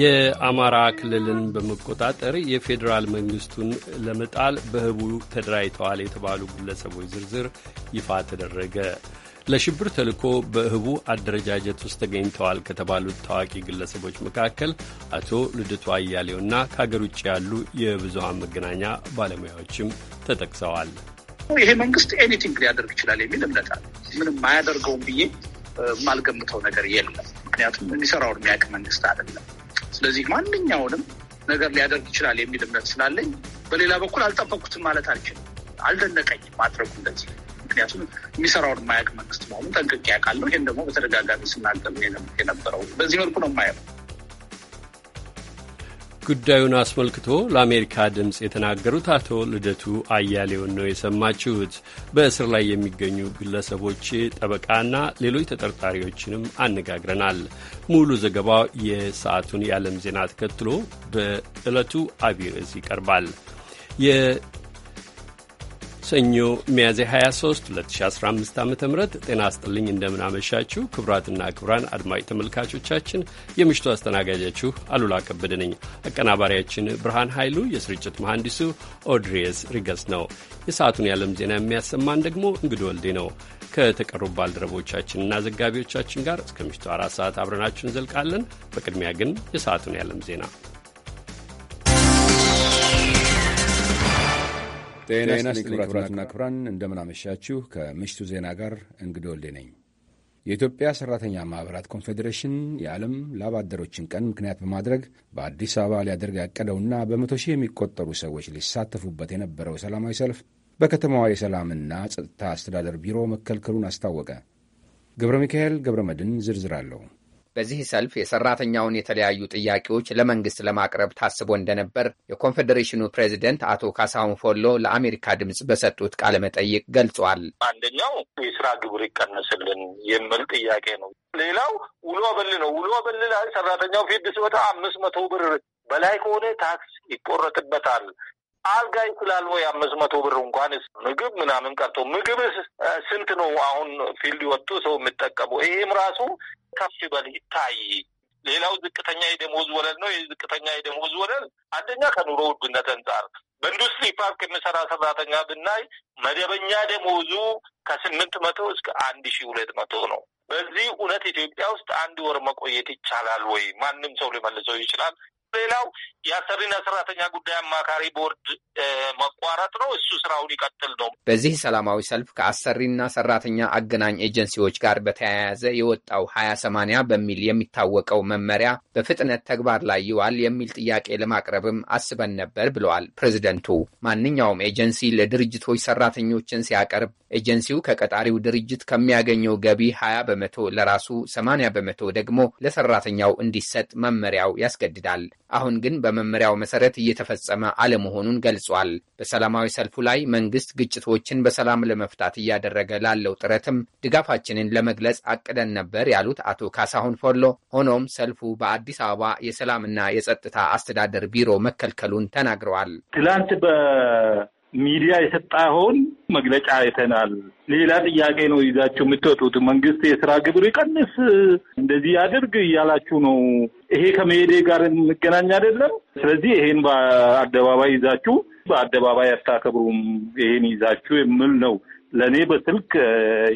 የአማራ ክልልን በመቆጣጠር የፌዴራል መንግስቱን ለመጣል በህቡ ተደራጅተዋል የተባሉ ግለሰቦች ዝርዝር ይፋ ተደረገ። ለሽብር ተልኮ በህቡ አደረጃጀት ውስጥ ተገኝተዋል ከተባሉት ታዋቂ ግለሰቦች መካከል አቶ ልደቱ አያሌውና ከሀገር ውጭ ያሉ የብዙሀን መገናኛ ባለሙያዎችም ተጠቅሰዋል። ይሄ መንግስት ኤኒቲንግ ሊያደርግ ይችላል የሚል እምነት አለ። ምንም አያደርገውም ብዬ የማልገምተው ነገር የለም። ምክንያቱም የሚሰራውን የሚያውቅ መንግስት አይደለም። ስለዚህ ማንኛውንም ነገር ሊያደርግ ይችላል የሚል እምነት ስላለኝ፣ በሌላ በኩል አልጠበኩትም ማለት አልችልም። አልደነቀኝም ማድረጉ እንደዚህ ምክንያቱም የሚሰራውን የማያውቅ መንግስት መሆኑን ጠንቅቄ ያውቃለሁ። ይህም ደግሞ በተደጋጋሚ ስናገር የነበረው በዚህ መልኩ ነው የማየው። ጉዳዩን አስመልክቶ ለአሜሪካ ድምፅ የተናገሩት አቶ ልደቱ አያሌውን ነው የሰማችሁት። በእስር ላይ የሚገኙ ግለሰቦች ጠበቃና ሌሎች ተጠርጣሪዎችንም አነጋግረናል። ሙሉ ዘገባው የሰዓቱን የዓለም ዜና ተከትሎ በዕለቱ አቢይ ርዕስ ይቀርባል። ሰኞ ሚያዝያ 23 2015 ዓ ም ጤና ስጥልኝ እንደምናመሻችሁ ክቡራትና ክቡራን አድማጭ ተመልካቾቻችን የምሽቱ አስተናጋጃችሁ አሉላ ከበደ ነኝ። አቀናባሪያችን ብርሃን ኃይሉ፣ የስርጭት መሐንዲሱ ኦድሪየስ ሪገስ ነው። የሰዓቱን የዓለም ዜና የሚያሰማን ደግሞ እንግዶ ወልዴ ነው። ከተቀሩ ባልደረቦቻችንና ዘጋቢዎቻችን ጋር እስከ ምሽቱ አራት ሰዓት አብረናችሁ እንዘልቃለን። በቅድሚያ ግን የሰዓቱን የዓለም ዜና ጤና ክቡራትና ክቡራን፣ እንደምናመሻችሁ። ከምሽቱ ዜና ጋር እንግዶ ወልዴ ነኝ። የኢትዮጵያ ሠራተኛ ማኅበራት ኮንፌዴሬሽን የዓለም ላብ አደሮችን ቀን ምክንያት በማድረግ በአዲስ አበባ ሊያደርግ ያቀደውና በመቶ ሺህ የሚቆጠሩ ሰዎች ሊሳተፉበት የነበረው ሰላማዊ ሰልፍ በከተማዋ የሰላምና ጸጥታ አስተዳደር ቢሮ መከልከሉን አስታወቀ። ገብረ ሚካኤል ገብረ መድን ዝርዝር አለው። በዚህ ሰልፍ የሰራተኛውን የተለያዩ ጥያቄዎች ለመንግስት ለማቅረብ ታስቦ እንደነበር የኮንፌዴሬሽኑ ፕሬዚደንት አቶ ካሳሁን ፎሎ ለአሜሪካ ድምፅ በሰጡት ቃለ መጠይቅ ገልጿል። አንደኛው የስራ ግብር ይቀነስልን የሚል ጥያቄ ነው። ሌላው ውሎ በል ነው። ውሎ በል ላይ ሰራተኛው ፊት ሲወጣ አምስት መቶ ብር በላይ ከሆነ ታክስ ይቆረጥበታል። አልጋ ይችላል ወይ? አምስት መቶ ብር እንኳን ምግብ ምናምን ቀርቶ ምግብ ስንት ነው? አሁን ፊልድ ወጥቶ ሰው የሚጠቀሙ ይህም ራሱ ከፍ ይበል ይታይ። ሌላው ዝቅተኛ የደሞዝ ወለል ነው። ይህ ዝቅተኛ የደሞዝ ወለል አንደኛ ከኑሮ ውድነት አንጻር በኢንዱስትሪ ፓርክ የሚሰራ ሰራተኛ ብናይ መደበኛ ደሞዙ ከስምንት መቶ እስከ አንድ ሺ ሁለት መቶ ነው። በዚህ እውነት ኢትዮጵያ ውስጥ አንድ ወር መቆየት ይቻላል ወይ? ማንም ሰው ሊመልሰው ይችላል? ሌላው የአሰሪና ሰራተኛ ጉዳይ አማካሪ ቦርድ መቋረጥ ነው። እሱ ስራውን ይቀጥል ነው። በዚህ ሰላማዊ ሰልፍ ከአሰሪና ሰራተኛ አገናኝ ኤጀንሲዎች ጋር በተያያዘ የወጣው ሀያ ሰማንያ በሚል የሚታወቀው መመሪያ በፍጥነት ተግባር ላይ ይዋል የሚል ጥያቄ ለማቅረብም አስበን ነበር ብለዋል ፕሬዚደንቱ። ማንኛውም ኤጀንሲ ለድርጅቶች ሰራተኞችን ሲያቀርብ ኤጀንሲው ከቀጣሪው ድርጅት ከሚያገኘው ገቢ ሀያ በመቶ ለራሱ ሰማንያ በመቶ ደግሞ ለሰራተኛው እንዲሰጥ መመሪያው ያስገድዳል። አሁን ግን በመመሪያው መሰረት እየተፈጸመ አለመሆኑን ገልጿል። በሰላማዊ ሰልፉ ላይ መንግስት ግጭቶችን በሰላም ለመፍታት እያደረገ ላለው ጥረትም ድጋፋችንን ለመግለጽ አቅደን ነበር ያሉት አቶ ካሳሁን ፎሎ፣ ሆኖም ሰልፉ በአዲስ አበባ የሰላምና የጸጥታ አስተዳደር ቢሮ መከልከሉን ተናግረዋል። ትላንት ሚዲያ የሰጣኸውን መግለጫ አይተናል። ሌላ ጥያቄ ነው ይዛችሁ የምትወጡት። መንግስት የስራ ግብር ይቀንስ፣ እንደዚህ ያደርግ እያላችሁ ነው። ይሄ ከመሄዴ ጋር የምገናኝ አይደለም። ስለዚህ ይሄን በአደባባይ ይዛችሁ በአደባባይ አታከብሩም፣ ይሄን ይዛችሁ የሚል ነው ለእኔ በስልክ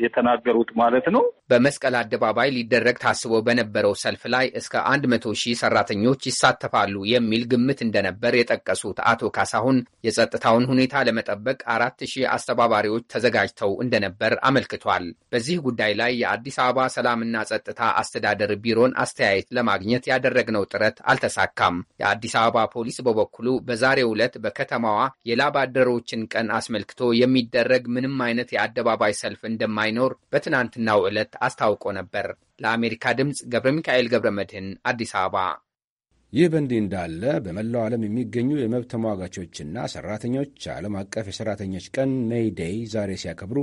የተናገሩት ማለት ነው። በመስቀል አደባባይ ሊደረግ ታስቦ በነበረው ሰልፍ ላይ እስከ 100 ሺህ ሰራተኞች ይሳተፋሉ የሚል ግምት እንደነበር የጠቀሱት አቶ ካሳሁን የጸጥታውን ሁኔታ ለመጠበቅ አራት ሺህ አስተባባሪዎች ተዘጋጅተው እንደነበር አመልክቷል። በዚህ ጉዳይ ላይ የአዲስ አበባ ሰላምና ጸጥታ አስተዳደር ቢሮን አስተያየት ለማግኘት ያደረግነው ጥረት አልተሳካም። የአዲስ አበባ ፖሊስ በበኩሉ በዛሬው ዕለት በከተማዋ የላባደሮችን ቀን አስመልክቶ የሚደረግ ምንም አይነት የአደባባይ ሰልፍ እንደማይኖር በትናንትናው ዕለት አስታውቆ ነበር። ለአሜሪካ ድምፅ ገብረ ሚካኤል ገብረ መድህን አዲስ አበባ። ይህ በእንዲህ እንዳለ በመላው ዓለም የሚገኙ የመብት ተሟጋቾችና ሰራተኞች ዓለም አቀፍ የሰራተኞች ቀን ሜይ ዴይ ዛሬ ሲያከብሩ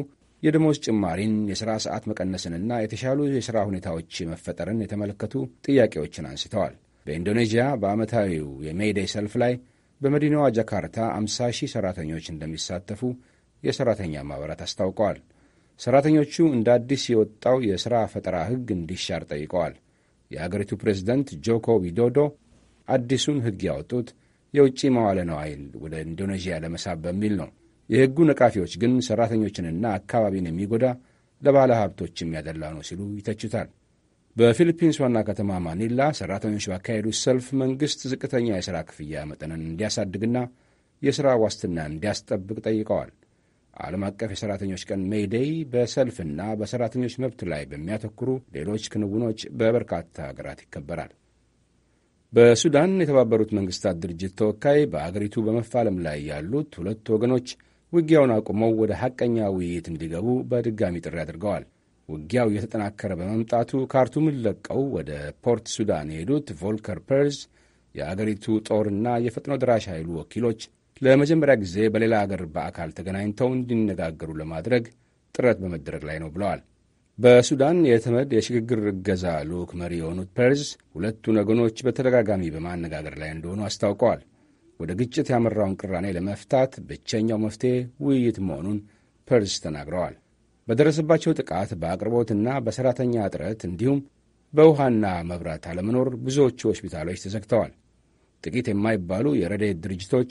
የደሞዝ ጭማሪን፣ የሥራ ሰዓት መቀነስንና የተሻሉ የሥራ ሁኔታዎች መፈጠርን የተመለከቱ ጥያቄዎችን አንስተዋል። በኢንዶኔዥያ በዓመታዊው የሜይዴይ ሰልፍ ላይ በመዲናዋ ጃካርታ 50 ሺህ ሠራተኞች እንደሚሳተፉ የሠራተኛ ማኅበራት አስታውቀዋል። ሠራተኞቹ እንደ አዲስ የወጣው የሥራ ፈጠራ ሕግ እንዲሻር ጠይቀዋል። የአገሪቱ ፕሬዝደንት ጆኮ ዊዶዶ አዲሱን ሕግ ያወጡት የውጭ መዋለ ነዋይን ወደ ኢንዶኔዥያ ለመሳብ በሚል ነው። የሕጉ ነቃፊዎች ግን ሠራተኞችንና አካባቢን የሚጎዳ ለባለ ሀብቶችም ያደላ ነው ሲሉ ይተቹታል። በፊሊፒንስ ዋና ከተማ ማኒላ ሠራተኞች ባካሄዱት ሰልፍ መንግሥት ዝቅተኛ የሥራ ክፍያ መጠንን እንዲያሳድግና የሥራ ዋስትና እንዲያስጠብቅ ጠይቀዋል። ዓለም አቀፍ የሠራተኞች ቀን ሜይዴይ በሰልፍና በሠራተኞች መብት ላይ በሚያተኩሩ ሌሎች ክንውኖች በበርካታ ሀገራት ይከበራል። በሱዳን የተባበሩት መንግሥታት ድርጅት ተወካይ በአገሪቱ በመፋለም ላይ ያሉት ሁለት ወገኖች ውጊያውን አቁመው ወደ ሐቀኛ ውይይት እንዲገቡ በድጋሚ ጥሪ አድርገዋል። ውጊያው እየተጠናከረ በመምጣቱ ካርቱምን ለቀው ወደ ፖርት ሱዳን የሄዱት ቮልከር ፐርዝ የአገሪቱ ጦርና የፈጥኖ ደራሽ ኃይሉ ወኪሎች ለመጀመሪያ ጊዜ በሌላ አገር በአካል ተገናኝተው እንዲነጋገሩ ለማድረግ ጥረት በመደረግ ላይ ነው ብለዋል። በሱዳን የተመድ የሽግግር እገዛ ልዑክ መሪ የሆኑት ፐርዝ ሁለቱን ወገኖች በተደጋጋሚ በማነጋገር ላይ እንደሆኑ አስታውቀዋል። ወደ ግጭት ያመራውን ቅራኔ ለመፍታት ብቸኛው መፍትሔ ውይይት መሆኑን ፐርዝ ተናግረዋል። በደረሰባቸው ጥቃት በአቅርቦትና በሠራተኛ እጥረት እንዲሁም በውሃና መብራት አለመኖር ብዙዎቹ ሆስፒታሎች ተዘግተዋል። ጥቂት የማይባሉ የረድኤት ድርጅቶች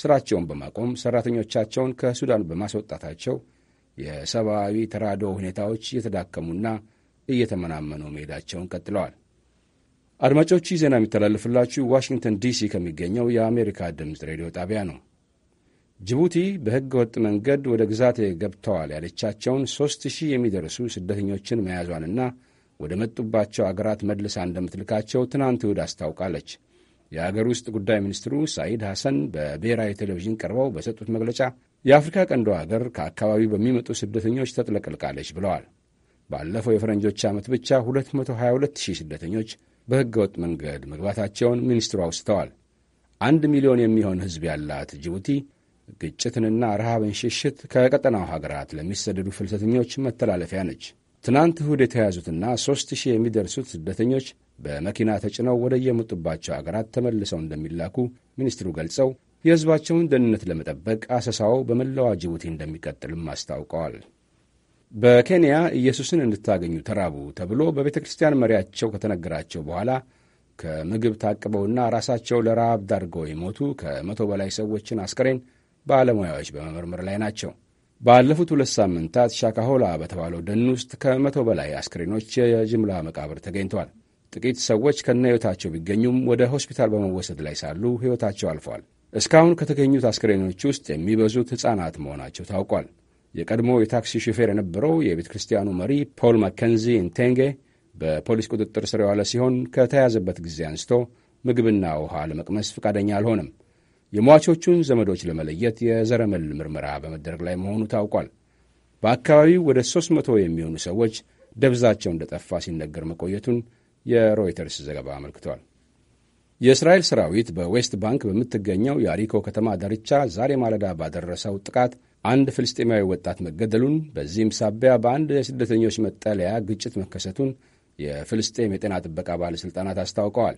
ስራቸውን በማቆም ሰራተኞቻቸውን ከሱዳን በማስወጣታቸው የሰብአዊ ተራድኦ ሁኔታዎች እየተዳከሙና እየተመናመኑ መሄዳቸውን ቀጥለዋል። አድማጮቹ ዜና የሚተላለፍላችሁ ዋሽንግተን ዲሲ ከሚገኘው የአሜሪካ ድምፅ ሬዲዮ ጣቢያ ነው። ጅቡቲ በሕገ ወጥ መንገድ ወደ ግዛት ገብተዋል ያለቻቸውን ሦስት ሺህ የሚደርሱ ስደተኞችን መያዟንና ወደ መጡባቸው አገራት መልሳ እንደምትልካቸው ትናንት እሁድ አስታውቃለች። የአገር ውስጥ ጉዳይ ሚኒስትሩ ሳኢድ ሐሰን በብሔራዊ ቴሌቪዥን ቀርበው በሰጡት መግለጫ የአፍሪካ ቀንዶ አገር ከአካባቢው በሚመጡ ስደተኞች ተጥለቅልቃለች ብለዋል። ባለፈው የፈረንጆች ዓመት ብቻ 222000 ስደተኞች በሕገወጥ መንገድ መግባታቸውን ሚኒስትሩ አውስተዋል። አንድ ሚሊዮን የሚሆን ሕዝብ ያላት ጅቡቲ ግጭትንና ረሃብን ሽሽት ከቀጠናው ሀገራት ለሚሰደዱ ፍልሰተኞች መተላለፊያ ነች። ትናንት እሁድ የተያዙትና ሦስት ሺህ የሚደርሱት ስደተኞች በመኪና ተጭነው ወደ የመጡባቸው አገራት ተመልሰው እንደሚላኩ ሚኒስትሩ ገልጸው የሕዝባቸውን ደህንነት ለመጠበቅ አሰሳው በመላዋ ጅቡቲ እንደሚቀጥልም አስታውቀዋል። በኬንያ ኢየሱስን እንድታገኙ ተራቡ ተብሎ በቤተ ክርስቲያን መሪያቸው ከተነገራቸው በኋላ ከምግብ ታቅበውና ራሳቸው ለረሃብ ዳርገው የሞቱ ከመቶ በላይ ሰዎችን አስከሬን ባለሙያዎች በመመርመር ላይ ናቸው። ባለፉት ሁለት ሳምንታት ሻካሆላ በተባለው ደን ውስጥ ከመቶ በላይ አስክሬኖች የጅምላ መቃብር ተገኝተዋል። ጥቂት ሰዎች ከነ ሕይወታቸው ቢገኙም ወደ ሆስፒታል በመወሰድ ላይ ሳሉ ሕይወታቸው አልፏል። እስካሁን ከተገኙት አስክሬኖች ውስጥ የሚበዙት ሕፃናት መሆናቸው ታውቋል። የቀድሞ የታክሲ ሹፌር የነበረው የቤተ ክርስቲያኑ መሪ ፖል ማከንዚ ኢንቴንጌ በፖሊስ ቁጥጥር ስር የዋለ ሲሆን ከተያዘበት ጊዜ አንስቶ ምግብና ውሃ ለመቅመስ ፈቃደኛ አልሆነም። የሟቾቹን ዘመዶች ለመለየት የዘረመል ምርመራ በመደረግ ላይ መሆኑ ታውቋል። በአካባቢው ወደ ሦስት መቶ የሚሆኑ ሰዎች ደብዛቸው እንደጠፋ ሲነገር መቆየቱን የሮይተርስ ዘገባ አመልክቷል። የእስራኤል ሰራዊት በዌስት ባንክ በምትገኘው የአሪኮ ከተማ ዳርቻ ዛሬ ማለዳ ባደረሰው ጥቃት አንድ ፍልስጤማዊ ወጣት መገደሉን በዚህም ሳቢያ በአንድ የስደተኞች መጠለያ ግጭት መከሰቱን የፍልስጤም የጤና ጥበቃ ባለሥልጣናት አስታውቀዋል።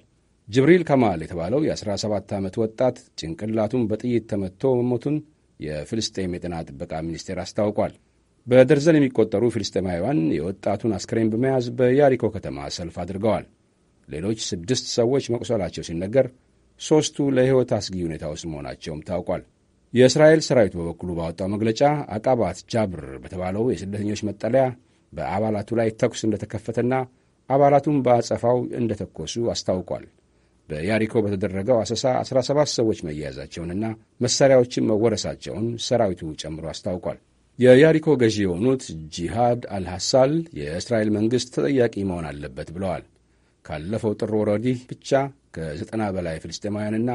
ጅብሪል ከማል የተባለው የ17 ዓመት ወጣት ጭንቅላቱን በጥይት ተመትቶ መሞቱን የፍልስጤም የጤና ጥበቃ ሚኒስቴር አስታውቋል። በደርዘን የሚቆጠሩ ፊልስጤማውያን የወጣቱን አስክሬን በመያዝ በያሪኮ ከተማ ሰልፍ አድርገዋል። ሌሎች ስድስት ሰዎች መቁሰላቸው ሲነገር ሦስቱ ለሕይወት አስጊ ሁኔታ ውስጥ መሆናቸውም ታውቋል። የእስራኤል ሰራዊት በበኩሉ ባወጣው መግለጫ አቃባት ጃብር በተባለው የስደተኞች መጠለያ በአባላቱ ላይ ተኩስ እንደተከፈተና አባላቱም በአጸፋው እንደተኮሱ አስታውቋል። በያሪኮ በተደረገው አሰሳ 17 ሰዎች መያያዛቸውንና መሣሪያዎችን መወረሳቸውን ሰራዊቱ ጨምሮ አስታውቋል። የያሪኮ ገዢ የሆኑት ጂሃድ አልሐሳል የእስራኤል መንግሥት ተጠያቂ መሆን አለበት ብለዋል። ካለፈው ጥር ወር ወዲህ ብቻ ከ90 በላይ ፍልስጤማውያንና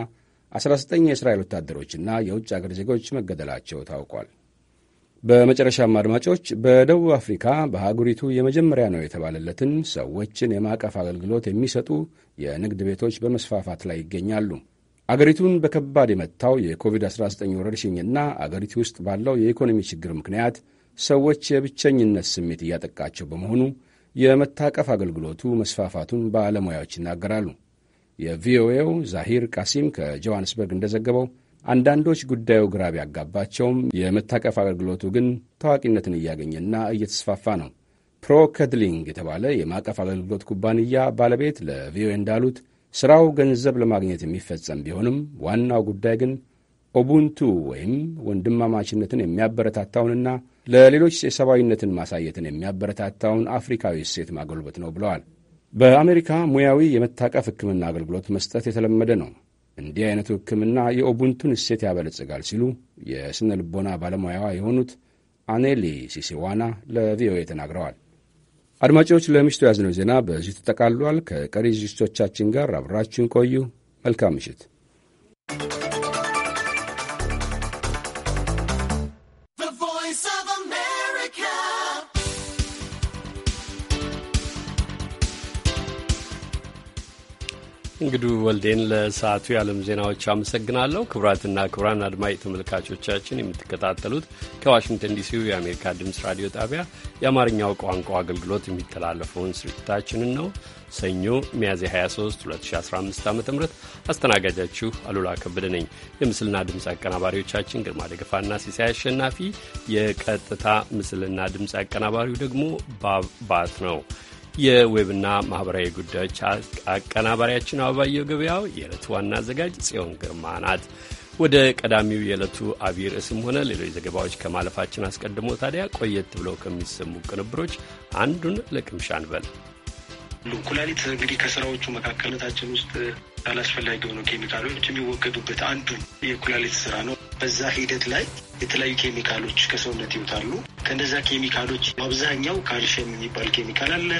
19 የእስራኤል ወታደሮችና የውጭ አገር ዜጎች መገደላቸው ታውቋል። በመጨረሻም አድማጮች፣ በደቡብ አፍሪካ በአህጉሪቱ የመጀመሪያ ነው የተባለለትን ሰዎችን የማቀፍ አገልግሎት የሚሰጡ የንግድ ቤቶች በመስፋፋት ላይ ይገኛሉ። አገሪቱን በከባድ የመታው የኮቪድ-19 ወረርሽኝና አገሪቱ ውስጥ ባለው የኢኮኖሚ ችግር ምክንያት ሰዎች የብቸኝነት ስሜት እያጠቃቸው በመሆኑ የመታቀፍ አገልግሎቱ መስፋፋቱን ባለሙያዎች ይናገራሉ። የቪኦኤው ዛሂር ቃሲም ከጆሃንስበርግ እንደዘገበው አንዳንዶች ጉዳዩ ግራ ቢያጋባቸውም የመታቀፍ አገልግሎቱ ግን ታዋቂነትን እያገኘና እየተስፋፋ ነው። ፕሮ ከድሊንግ የተባለ የማቀፍ አገልግሎት ኩባንያ ባለቤት ለቪኦኤ እንዳሉት ሥራው ገንዘብ ለማግኘት የሚፈጸም ቢሆንም ዋናው ጉዳይ ግን ኦቡንቱ ወይም ወንድማማችነትን የሚያበረታታውንና ለሌሎች የሰብአዊነትን ማሳየትን የሚያበረታታውን አፍሪካዊ እሴት ማጎልበት ነው ብለዋል። በአሜሪካ ሙያዊ የመታቀፍ ሕክምና አገልግሎት መስጠት የተለመደ ነው። እንዲህ አይነቱ ሕክምና የኦቡንቱን እሴት ያበለጽጋል ሲሉ የሥነ ልቦና ባለሙያዋ የሆኑት አኔሊ ሲሲዋና ለቪኦኤ ተናግረዋል። አድማጮች፣ ለምሽቱ ያዝነው ዜና በዚሁ ተጠቃልሏል። ከቀሪ ዝግጅቶቻችን ጋር አብራችሁን ቆዩ። መልካም ምሽት። እንግዲህ ወልዴን ለሰዓቱ የዓለም ዜናዎች አመሰግናለሁ። ክቡራትና ክቡራን አድማጭ ተመልካቾቻችን የምትከታተሉት ከዋሽንግተን ዲሲው የአሜሪካ ድምፅ ራዲዮ ጣቢያ የአማርኛው ቋንቋ አገልግሎት የሚተላለፈውን ስርጭታችንን ነው። ሰኞ ሚያዝያ 23 2015 ዓ ም አስተናጋጃችሁ አሉላ ከበደ ነኝ። የምስልና ድምፅ አቀናባሪዎቻችን ግርማ ደገፋና ሲሳይ አሸናፊ፣ የቀጥታ ምስልና ድምፅ አቀናባሪው ደግሞ ባባት ነው። የዌብና ማኅበራዊ ጉዳዮች አቀናባሪያችን አበባየው ገበያው፣ የዕለቱ ዋና አዘጋጅ ጽዮን ግርማ ናት። ወደ ቀዳሚው የዕለቱ አብይ ርዕስም ሆነ ሌሎች ዘገባዎች ከማለፋችን አስቀድሞ ታዲያ ቆየት ብለው ከሚሰሙ ቅንብሮች አንዱን ለቅምሻ እንበል። ኩላሊት እንግዲህ ከስራዎቹ መካከልነታችን ውስጥ አላስፈላጊ የሆኑ ኬሚካሎች የሚወገዱበት አንዱ የኩላሊት ስራ ነው። በዛ ሂደት ላይ የተለያዩ ኬሚካሎች ከሰውነት ይወጣሉ። ከእነዛ ኬሚካሎች አብዛኛው ካልሽየም የሚባል ኬሚካል አለ፣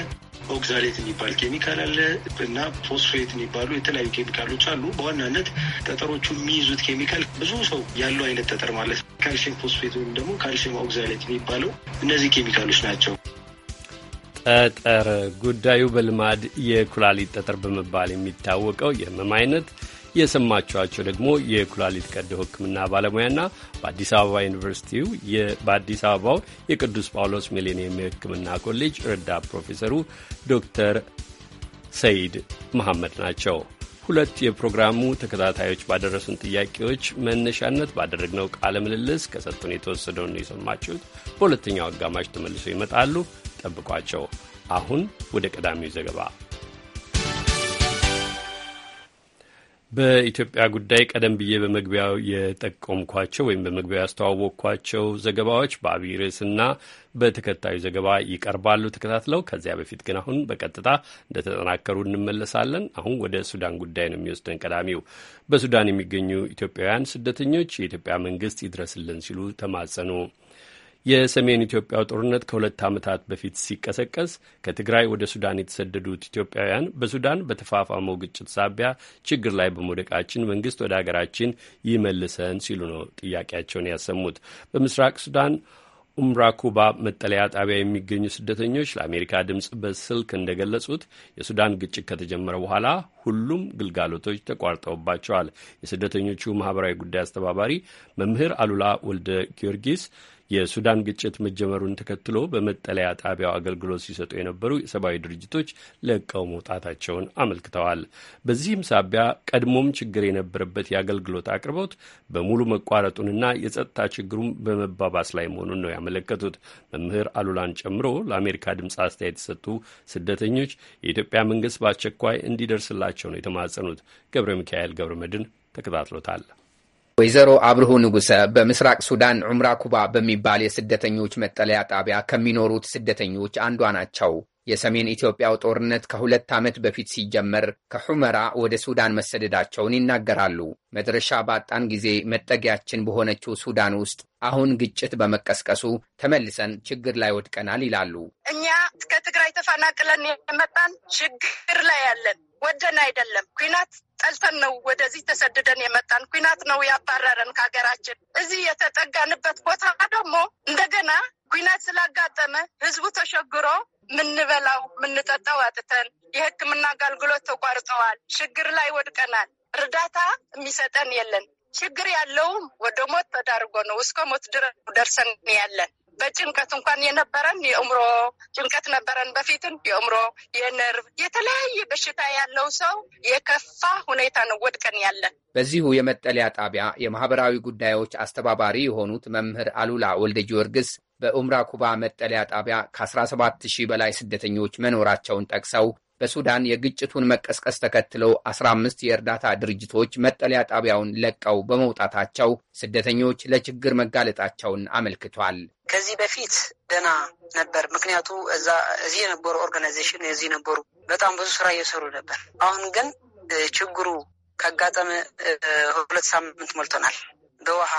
ኦግዛሌት የሚባል ኬሚካል አለ እና ፎስፌት የሚባሉ የተለያዩ ኬሚካሎች አሉ። በዋናነት ጠጠሮቹ የሚይዙት ኬሚካል ብዙ ሰው ያለው አይነት ጠጠር ማለት ነው። ካልሽየም ፎስፌት ወይም ደግሞ ካልሽየም ኦግዛሌት የሚባለው እነዚህ ኬሚካሎች ናቸው። ጠጠር ጉዳዩ በልማድ የኩላሊት ጠጠር በመባል የሚታወቀው የህመም አይነት የሰማችኋቸው ደግሞ የኩላሊት ቀዶ ሕክምና ባለሙያና በአዲስ አበባ ዩኒቨርሲቲው በአዲስ አበባው የቅዱስ ጳውሎስ ሚሌኒየም የሕክምና ኮሌጅ ረዳት ፕሮፌሰሩ ዶክተር ሰይድ መሐመድ ናቸው። ሁለት የፕሮግራሙ ተከታታዮች ባደረሱን ጥያቄዎች መነሻነት ባደረግነው ቃለ ምልልስ ከሰጡን የተወሰደውን የሰማችሁት። በሁለተኛው አጋማሽ ተመልሶ ይመጣሉ። ጠብቋቸው። አሁን ወደ ቀዳሚው ዘገባ በኢትዮጵያ ጉዳይ ቀደም ብዬ በመግቢያው የጠቆምኳቸው ወይም በመግቢያው ያስተዋወቅኳቸው ዘገባዎች በአብይ ርዕስና በተከታዩ ዘገባ ይቀርባሉ ተከታትለው። ከዚያ በፊት ግን አሁን በቀጥታ እንደተጠናከሩ እንመለሳለን። አሁን ወደ ሱዳን ጉዳይ ነው የሚወስደን ቀዳሚው። በሱዳን የሚገኙ ኢትዮጵያውያን ስደተኞች የኢትዮጵያ መንግስት ይድረስልን ሲሉ ተማጸኑ። የሰሜን ኢትዮጵያው ጦርነት ከሁለት ዓመታት በፊት ሲቀሰቀስ ከትግራይ ወደ ሱዳን የተሰደዱት ኢትዮጵያውያን በሱዳን በተፋፋመው ግጭት ሳቢያ ችግር ላይ በመውደቃችን መንግስት ወደ ሀገራችን ይመልሰን ሲሉ ነው ጥያቄያቸውን ያሰሙት። በምስራቅ ሱዳን ኡምራኩባ መጠለያ ጣቢያ የሚገኙ ስደተኞች ለአሜሪካ ድምፅ በስልክ እንደገለጹት የሱዳን ግጭት ከተጀመረ በኋላ ሁሉም ግልጋሎቶች ተቋርጠውባቸዋል። የስደተኞቹ ማህበራዊ ጉዳይ አስተባባሪ መምህር አሉላ ወልደ ጊዮርጊስ የሱዳን ግጭት መጀመሩን ተከትሎ በመጠለያ ጣቢያው አገልግሎት ሲሰጡ የነበሩ የሰብአዊ ድርጅቶች ለቀው መውጣታቸውን አመልክተዋል። በዚህም ሳቢያ ቀድሞም ችግር የነበረበት የአገልግሎት አቅርቦት በሙሉ መቋረጡንና የጸጥታ ችግሩን በመባባስ ላይ መሆኑን ነው ያመለከቱት። መምህር አሉላን ጨምሮ ለአሜሪካ ድምፅ አስተያየት የሰጡ ስደተኞች የኢትዮጵያ መንግስት በአስቸኳይ እንዲደርስላቸው ነው የተማጸኑት። ገብረ ሚካኤል ገብረ መድን ተከታትሎታል። ወይዘሮ አብርሁ ንጉሰ በምስራቅ ሱዳን ዑምራ ኩባ በሚባል የስደተኞች መጠለያ ጣቢያ ከሚኖሩት ስደተኞች አንዷ ናቸው። የሰሜን ኢትዮጵያው ጦርነት ከሁለት ዓመት በፊት ሲጀመር ከሑመራ ወደ ሱዳን መሰደዳቸውን ይናገራሉ። መድረሻ ባጣን ጊዜ መጠጊያችን በሆነችው ሱዳን ውስጥ አሁን ግጭት በመቀስቀሱ ተመልሰን ችግር ላይ ወድቀናል ይላሉ። እኛ ከትግራይ ተፈናቅለን የመጣን ችግር ላይ ያለን ወደን አይደለም ኩናት ጠልተን ነው ወደዚህ ተሰድደን የመጣን። ኩናት ነው ያባረረን ከሀገራችን። እዚህ የተጠጋንበት ቦታ ደግሞ እንደገና ኩናት ስላጋጠመ ህዝቡ ተሸግሮ ምንበላው ምንጠጣው አጥተን የህክምና አገልግሎት ተቋርጠዋል። ችግር ላይ ወድቀናል። እርዳታ የሚሰጠን የለን። ችግር ያለውም ወደ ሞት ተዳርጎ ነው። እስከ ሞት ድረስ ደርሰን ያለን በጭንቀት እንኳን የነበረን የእምሮ ጭንቀት ነበረን በፊትም የእምሮ የነርቭ የተለያየ በሽታ ያለው ሰው የከፋ ሁኔታ ነው ወድቀን ያለን። በዚሁ የመጠለያ ጣቢያ የማህበራዊ ጉዳዮች አስተባባሪ የሆኑት መምህር አሉላ ወልደ ጊዮርጊስ በኡምራ ኩባ መጠለያ ጣቢያ ከ17 ሺህ በላይ ስደተኞች መኖራቸውን ጠቅሰው በሱዳን የግጭቱን መቀስቀስ ተከትለው 15 የእርዳታ ድርጅቶች መጠለያ ጣቢያውን ለቀው በመውጣታቸው ስደተኞች ለችግር መጋለጣቸውን አመልክቷል። ከዚህ በፊት ደና ነበር። ምክንያቱ እዛ እዚህ የነበሩ ኦርጋናይዜሽን እዚህ ነበሩ፣ በጣም ብዙ ስራ እየሰሩ ነበር። አሁን ግን ችግሩ ካጋጠመ ሁለት ሳምንት ሞልቶናል። በውሃ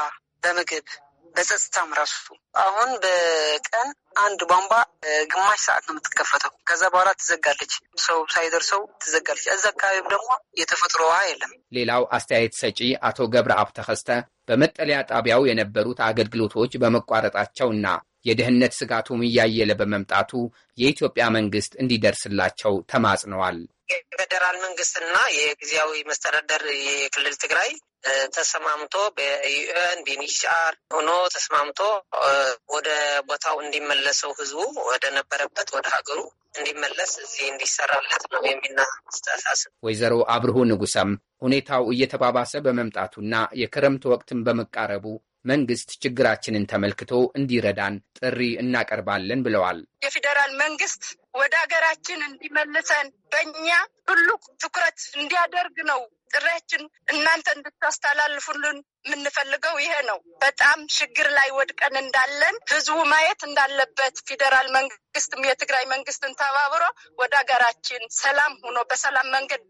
በምግብ በጸጥታም ራሱ አሁን በቀን አንድ ቧንቧ ግማሽ ሰዓት ነው የምትከፈተው። ከዛ በኋላ ትዘጋለች። ሰው ሳይደርሰው ትዘጋለች። እዛ አካባቢም ደግሞ የተፈጥሮ ውሃ የለም። ሌላው አስተያየት ሰጪ አቶ ገብረ አብ ተከስተ በመጠለያ ጣቢያው የነበሩት አገልግሎቶች በመቋረጣቸውና የደህንነት ስጋቱም እያየለ በመምጣቱ የኢትዮጵያ መንግስት እንዲደርስላቸው ተማጽነዋል። የፌዴራል መንግስትና የጊዜያዊ መስተዳደር የክልል ትግራይ ተሰማምቶ በዩኤን ቢኒሻር ሆኖ ተስማምቶ ወደ ቦታው እንዲመለሰው ህዝቡ ወደ ነበረበት ወደ ሀገሩ እንዲመለስ እዚህ እንዲሰራለት ነው የሚናስታሳስብ። ወይዘሮ አብርሁ ንጉሰም ሁኔታው እየተባባሰ በመምጣቱና የክረምት ወቅትን በመቃረቡ መንግስት ችግራችንን ተመልክቶ እንዲረዳን ጥሪ እናቀርባለን ብለዋል። የፌዴራል መንግስት ወደ ሀገራችን እንዲመልሰን በእኛ ሁሉ ትኩረት እንዲያደርግ ነው ጥሪያችን እናንተ እንድታስተላልፉልን የምንፈልገው ይሄ ነው። በጣም ችግር ላይ ወድቀን እንዳለን ህዝቡ ማየት እንዳለበት ፌዴራል መንግስትም የትግራይ መንግስትን ተባብሮ ወደ ሀገራችን ሰላም ሆኖ በሰላም መንገድ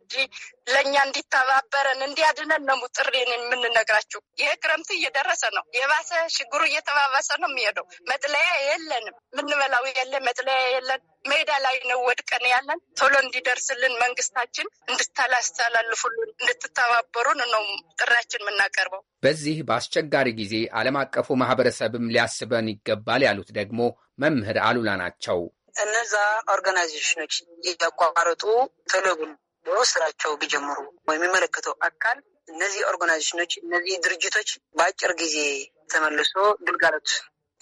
ለእኛ እንዲተባበረን እንዲያድነን ነው ጥሪን የምንነግራችሁ። ይሄ ክረምት እየደረሰ ነው። የባሰ ችግሩ እየተባባሰ ነው የሚሄደው። መጥለያ የለንም። የምንበላው የለ፣ መጥለያ የለን። ሜዳ ላይ ነው ወድቀን ያለን። ቶሎ እንዲደርስልን መንግስታችን እንድታላስተላልፉልን እንድትተባበሩን ነው ጥሪያችን የምናቀርበው። በዚህ በአስቸጋሪ ጊዜ ዓለም አቀፉ ማህበረሰብም ሊያስበን ይገባል ያሉት ደግሞ መምህር አሉላ ናቸው። እነዛ ኦርጋናይዜሽኖች እያቋረጡ ቶሎ ብሎ ስራቸው ቢጀምሩ የሚመለከተው አካል እነዚህ ኦርጋናይዜሽኖች እነዚህ ድርጅቶች በአጭር ጊዜ ተመልሶ ግልጋሎት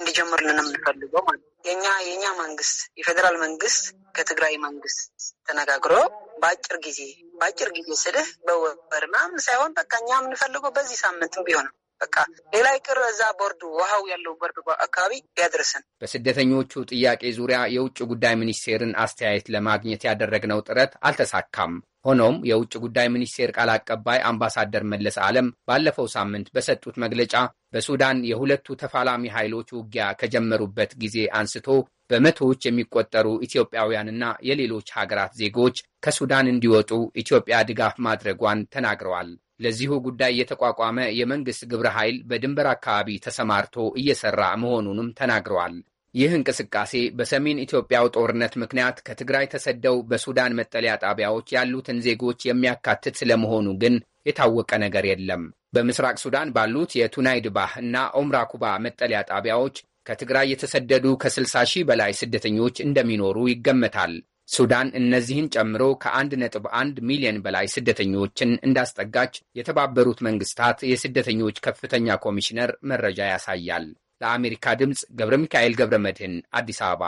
እንዲጀምርልን የምንፈልገው ማለት ነው። የኛ የኛ መንግስት የፌዴራል መንግስት ከትግራይ መንግስት ተነጋግሮ በአጭር ጊዜ በአጭር ጊዜ ስልህ በወር ምናምን ሳይሆን በቃ እኛ የምንፈልገው በዚህ ሳምንትም ቢሆንም በቃ ሌላ ይቅር እዛ ቦርዱ ውሃው ያለው ቦርዱ አካባቢ ያደርስን። በስደተኞቹ ጥያቄ ዙሪያ የውጭ ጉዳይ ሚኒስቴርን አስተያየት ለማግኘት ያደረግነው ጥረት አልተሳካም። ሆኖም የውጭ ጉዳይ ሚኒስቴር ቃል አቀባይ አምባሳደር መለስ ዓለም ባለፈው ሳምንት በሰጡት መግለጫ በሱዳን የሁለቱ ተፋላሚ ኃይሎች ውጊያ ከጀመሩበት ጊዜ አንስቶ በመቶዎች የሚቆጠሩ ኢትዮጵያውያንና የሌሎች ሀገራት ዜጎች ከሱዳን እንዲወጡ ኢትዮጵያ ድጋፍ ማድረጓን ተናግረዋል። ለዚሁ ጉዳይ የተቋቋመ የመንግሥት ግብረ ኃይል በድንበር አካባቢ ተሰማርቶ እየሰራ መሆኑንም ተናግረዋል። ይህ እንቅስቃሴ በሰሜን ኢትዮጵያው ጦርነት ምክንያት ከትግራይ ተሰደው በሱዳን መጠለያ ጣቢያዎች ያሉትን ዜጎች የሚያካትት ስለመሆኑ ግን የታወቀ ነገር የለም። በምስራቅ ሱዳን ባሉት የቱናይድባህ እና ኦምራኩባ መጠለያ ጣቢያዎች ከትግራይ የተሰደዱ ከ60 ሺህ በላይ ስደተኞች እንደሚኖሩ ይገመታል። ሱዳን እነዚህን ጨምሮ ከ1.1 ሚሊዮን በላይ ስደተኞችን እንዳስጠጋች የተባበሩት መንግስታት የስደተኞች ከፍተኛ ኮሚሽነር መረጃ ያሳያል። ለአሜሪካ ድምፅ ገብረ ሚካኤል ገብረ መድህን አዲስ አበባ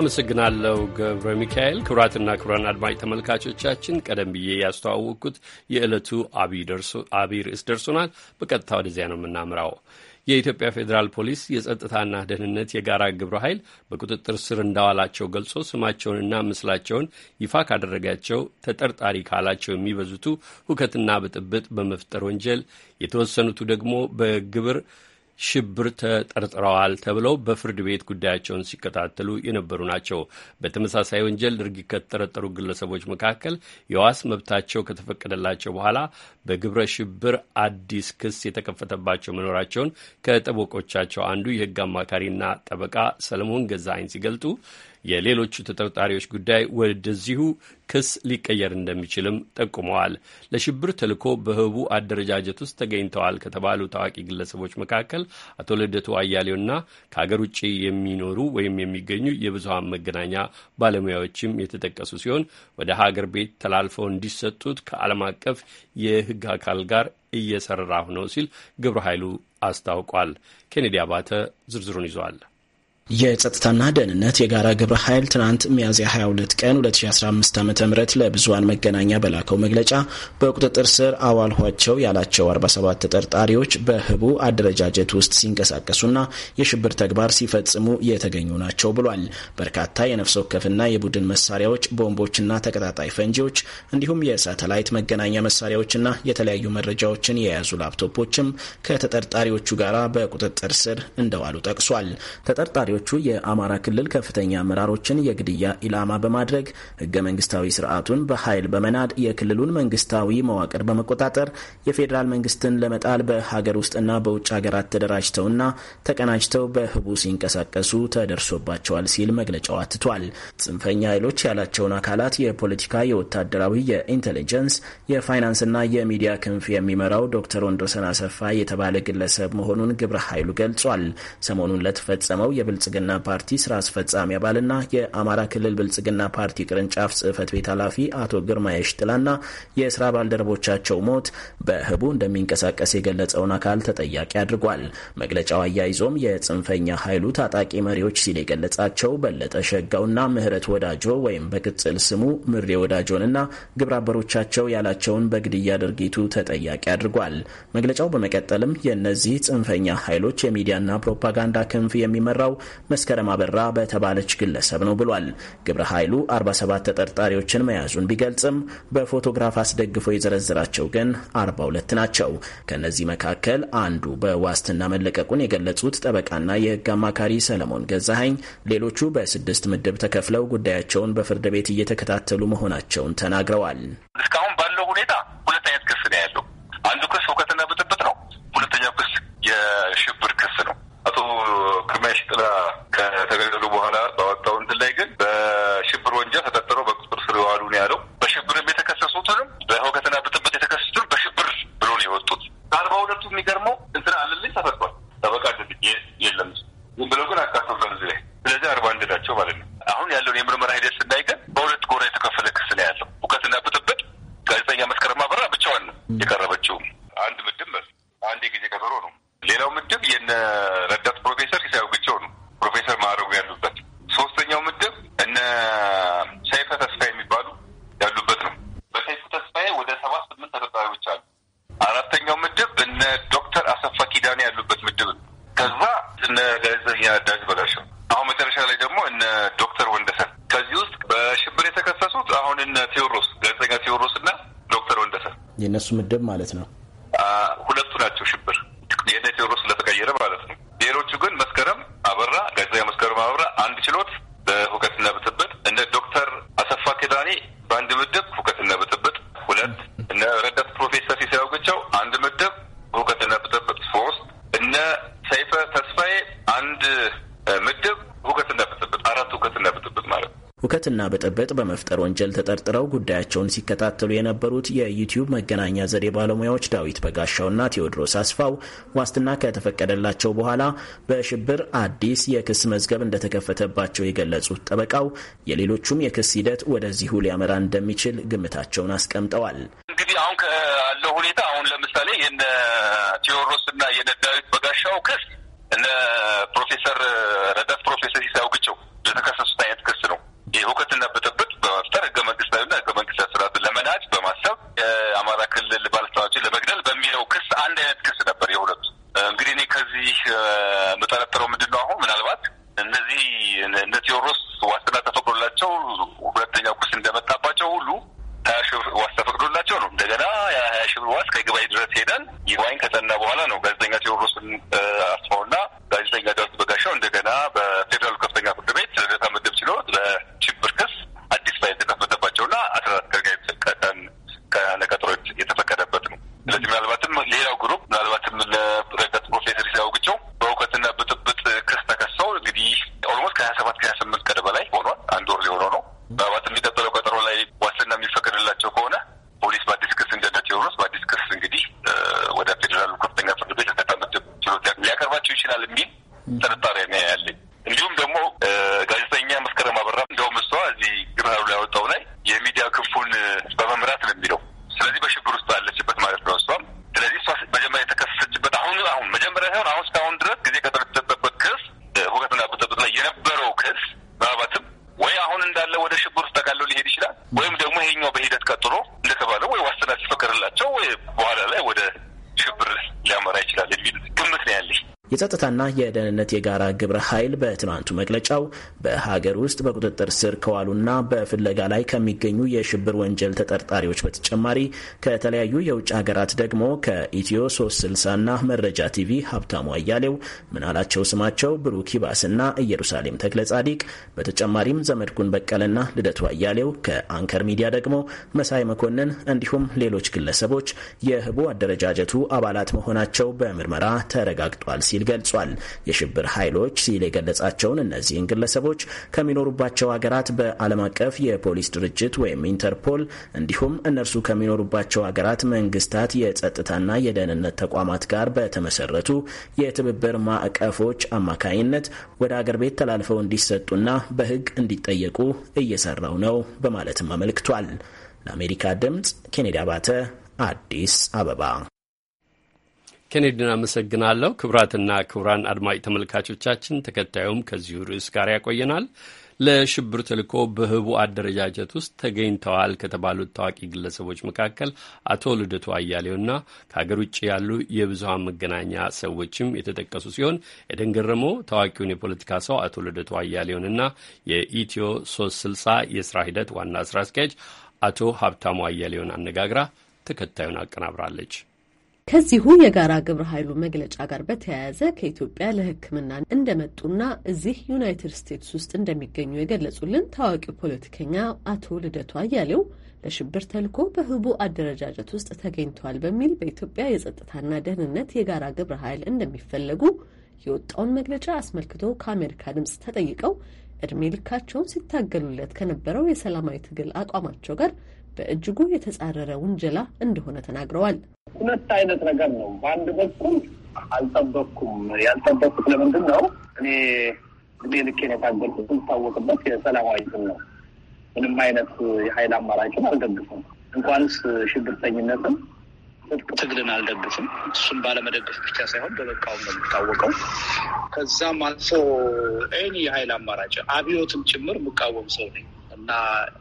አመሰግናለሁ ገብረ ሚካኤል። ክቡራትና ክቡራን አድማጭ ተመልካቾቻችን ቀደም ብዬ ያስተዋወቅኩት የዕለቱ አብይ ርዕስ ደርሶናል። በቀጥታ ወደዚያ ነው የምናምራው። የኢትዮጵያ ፌዴራል ፖሊስ የጸጥታና ደህንነት የጋራ ግብረ ኃይል በቁጥጥር ስር እንዳዋላቸው ገልጾ ስማቸውንና ምስላቸውን ይፋ ካደረጋቸው ተጠርጣሪ ካላቸው የሚበዙቱ ሁከትና ብጥብጥ በመፍጠር ወንጀል የተወሰኑቱ ደግሞ በግብር ሽብር ተጠርጥረዋል ተብለው በፍርድ ቤት ጉዳያቸውን ሲከታተሉ የነበሩ ናቸው። በተመሳሳይ ወንጀል ድርጊት ከተጠረጠሩ ግለሰቦች መካከል የዋስ መብታቸው ከተፈቀደላቸው በኋላ በግብረ ሽብር አዲስ ክስ የተከፈተባቸው መኖራቸውን ከጠበቆቻቸው አንዱ የህግ አማካሪና ጠበቃ ሰለሞን ገዛኸኝ ሲገልጡ የሌሎቹ ተጠርጣሪዎች ጉዳይ ወደዚሁ ክስ ሊቀየር እንደሚችልም ጠቁመዋል። ለሽብር ተልዕኮ በህቡ አደረጃጀት ውስጥ ተገኝተዋል ከተባሉ ታዋቂ ግለሰቦች መካከል አቶ ልደቱ አያሌውና ከሀገር ውጭ የሚኖሩ ወይም የሚገኙ የብዙሀን መገናኛ ባለሙያዎችም የተጠቀሱ ሲሆን ወደ ሀገር ቤት ተላልፈው እንዲሰጡት ከዓለም አቀፍ የህግ አካል ጋር እየሰራሁ ነው ሲል ግብረ ኃይሉ አስታውቋል። ኬኔዲ አባተ ዝርዝሩን ይዟል። የጸጥታና ደህንነት የጋራ ግብረ ኃይል ትናንት ሚያዝያ 22 ቀን 2015 ዓ ም ለብዙሃን መገናኛ በላከው መግለጫ በቁጥጥር ስር አዋልኋቸው ያላቸው 47 ተጠርጣሪዎች በህቡ አደረጃጀት ውስጥ ሲንቀሳቀሱና የሽብር ተግባር ሲፈጽሙ የተገኙ ናቸው ብሏል። በርካታ የነፍስ ወከፍና የቡድን መሳሪያዎች፣ ቦምቦችና ተቀጣጣይ ፈንጂዎች እንዲሁም የሳተላይት መገናኛ መሳሪያዎችና የተለያዩ መረጃዎችን የያዙ ላፕቶፖችም ከተጠርጣሪዎቹ ጋር በቁጥጥር ስር እንደዋሉ ጠቅሷል። ተጠርጣሪዎች ታጣቂዎቹ የአማራ ክልል ከፍተኛ አመራሮችን የግድያ ኢላማ በማድረግ ህገ መንግስታዊ ስርዓቱን በኃይል በመናድ የክልሉን መንግስታዊ መዋቅር በመቆጣጠር የፌዴራል መንግስትን ለመጣል በሀገር ውስጥና በውጭ ሀገራት ተደራጅተውና ተቀናጅተው በህቡ ሲንቀሳቀሱ ተደርሶባቸዋል ሲል መግለጫው አትቷል። ጽንፈኛ ኃይሎች ያላቸውን አካላት የፖለቲካ፣ የወታደራዊ፣ የኢንቴሊጀንስ፣ የፋይናንስና የሚዲያ ክንፍ የሚመራው ዶክተር ወንዶሰን አሰፋ የተባለ ግለሰብ መሆኑን ግብረ ኃይሉ ገልጿል። ሰሞኑን ለተፈጸመው የብልጽ ብልጽግና ፓርቲ ስራ አስፈጻሚ አባልና የአማራ ክልል ብልጽግና ፓርቲ ቅርንጫፍ ጽህፈት ቤት ኃላፊ አቶ ግርማ የሽጥላና የስራ ባልደረቦቻቸው ሞት በህቡ እንደሚንቀሳቀስ የገለጸውን አካል ተጠያቂ አድርጓል። መግለጫው አያይዞም የጽንፈኛ ኃይሉ ታጣቂ መሪዎች ሲል የገለጻቸው በለጠ ሸጋውና ምህረት ወዳጆ ወይም በቅጽል ስሙ ምሬ ወዳጆንና ግብረአበሮቻቸው ያላቸውን በግድያ ድርጊቱ ተጠያቂ አድርጓል። መግለጫው በመቀጠልም የእነዚህ ጽንፈኛ ኃይሎች የሚዲያና ፕሮፓጋንዳ ክንፍ የሚመራው መስከረም አበራ በተባለች ግለሰብ ነው ብሏል። ግብረ ኃይሉ 47 ተጠርጣሪዎችን መያዙን ቢገልጽም በፎቶግራፍ አስደግፎ የዘረዘራቸው ግን 42 ናቸው። ከእነዚህ መካከል አንዱ በዋስትና መለቀቁን የገለጹት ጠበቃና የህግ አማካሪ ሰለሞን ገዛሀኝ ሌሎቹ በስድስት ምድብ ተከፍለው ጉዳያቸውን በፍርድ ቤት እየተከታተሉ መሆናቸውን ተናግረዋል። እስካሁን ባለው ሁኔታ ጥላ ከተገ ምድብ ማለት ነው ሁከትና ብጥብጥ በመፍጠር ወንጀል ተጠርጥረው ጉዳያቸውን ሲከታተሉ የነበሩት የዩቲዩብ መገናኛ ዘዴ ባለሙያዎች ዳዊት በጋሻውና ቴዎድሮስ አስፋው ዋስትና ከተፈቀደላቸው በኋላ በሽብር አዲስ የክስ መዝገብ እንደተከፈተባቸው የገለጹት ጠበቃው የሌሎቹም የክስ ሂደት ወደዚሁ ሊያመራ እንደሚችል ግምታቸውን አስቀምጠዋል። የምጠረጥረው ምንድን ነው የጸጥታና የደህንነት የጋራ ግብረ ኃይል በትናንቱ መግለጫው በሀገር ውስጥ በቁጥጥር ስር ከዋሉና በፍለጋ ላይ ከሚገኙ የሽብር ወንጀል ተጠርጣሪዎች በተጨማሪ ከተለያዩ የውጭ ሀገራት ደግሞ ከኢትዮ 360ና መረጃ ቲቪ ሀብታሙ አያሌው፣ ምናላቸው ስማቸው፣ ብሩክ ሂባስና ኢየሩሳሌም ተክለ ጻዲቅ በተጨማሪም ዘመድኩን በቀለና ልደቱ አያሌው ከአንከር ሚዲያ ደግሞ መሳይ መኮንን እንዲሁም ሌሎች ግለሰቦች የህቡ አደረጃጀቱ አባላት መሆናቸው በምርመራ ተረጋግጧል ሲል ገልጿል። ገልጿል። የሽብር ኃይሎች ሲል የገለጻቸውን እነዚህን ግለሰቦች ከሚኖሩባቸው ሀገራት በዓለም አቀፍ የፖሊስ ድርጅት ወይም ኢንተርፖል እንዲሁም እነርሱ ከሚኖሩባቸው ሀገራት መንግስታት የጸጥታና የደህንነት ተቋማት ጋር በተመሰረቱ የትብብር ማዕቀፎች አማካይነት ወደ አገር ቤት ተላልፈው እንዲሰጡና በሕግ እንዲጠየቁ እየሰራው ነው በማለትም አመልክቷል። ለአሜሪካ ድምፅ ኬኔዲ አባተ አዲስ አበባ ኬኔዲን አመሰግናለሁ። ክቡራትና ክቡራን አድማጭ ተመልካቾቻችን ተከታዩም ከዚሁ ርዕስ ጋር ያቆየናል። ለሽብር ተልእኮ በህቡ አደረጃጀት ውስጥ ተገኝተዋል ከተባሉት ታዋቂ ግለሰቦች መካከል አቶ ልደቱ አያሌውና ከሀገር ውጭ ያሉ የብዙሀን መገናኛ ሰዎችም የተጠቀሱ ሲሆን ኤደን ገረመው ታዋቂውን የፖለቲካ ሰው አቶ ልደቱ አያሌውንና የኢትዮ ሶስት ስልሳ የስራ ሂደት ዋና ስራ አስኪያጅ አቶ ሀብታሙ አያሌውን አነጋግራ ተከታዩን አቀናብራለች። ከዚሁ የጋራ ግብረ ኃይሉ መግለጫ ጋር በተያያዘ ከኢትዮጵያ ለሕክምና እንደመጡና እዚህ ዩናይትድ ስቴትስ ውስጥ እንደሚገኙ የገለጹልን ታዋቂ ፖለቲከኛ አቶ ልደቱ አያሌው ለሽብር ተልኮ በህቡ አደረጃጀት ውስጥ ተገኝተዋል በሚል በኢትዮጵያ የጸጥታና ደህንነት የጋራ ግብረ ኃይል እንደሚፈለጉ የወጣውን መግለጫ አስመልክቶ ከአሜሪካ ድምፅ ተጠይቀው እድሜ ልካቸውን ሲታገሉለት ከነበረው የሰላማዊ ትግል አቋማቸው ጋር በእጅጉ የተጻረረ ውንጀላ እንደሆነ ተናግረዋል። ሁለት አይነት ነገር ነው። በአንድ በኩል አልጠበቅኩም። ያልጠበቅኩት ለምንድን ነው? እኔ እድሜ ልኬን የታገልኩት የምታወቅበት የሰላማዊ ትግል ነው። ምንም አይነት የሀይል አማራጭን አልደግፍም፣ እንኳንስ ሽብርተኝነትም ትግልን አልደግፍም። እሱም ባለመደገፍ ብቻ ሳይሆን በመቃወም ነው የሚታወቀው። ከዛም አልፎ ኤኒ የሀይል አማራጭ አብዮትም ጭምር የምቃወም ሰው ነኝ እና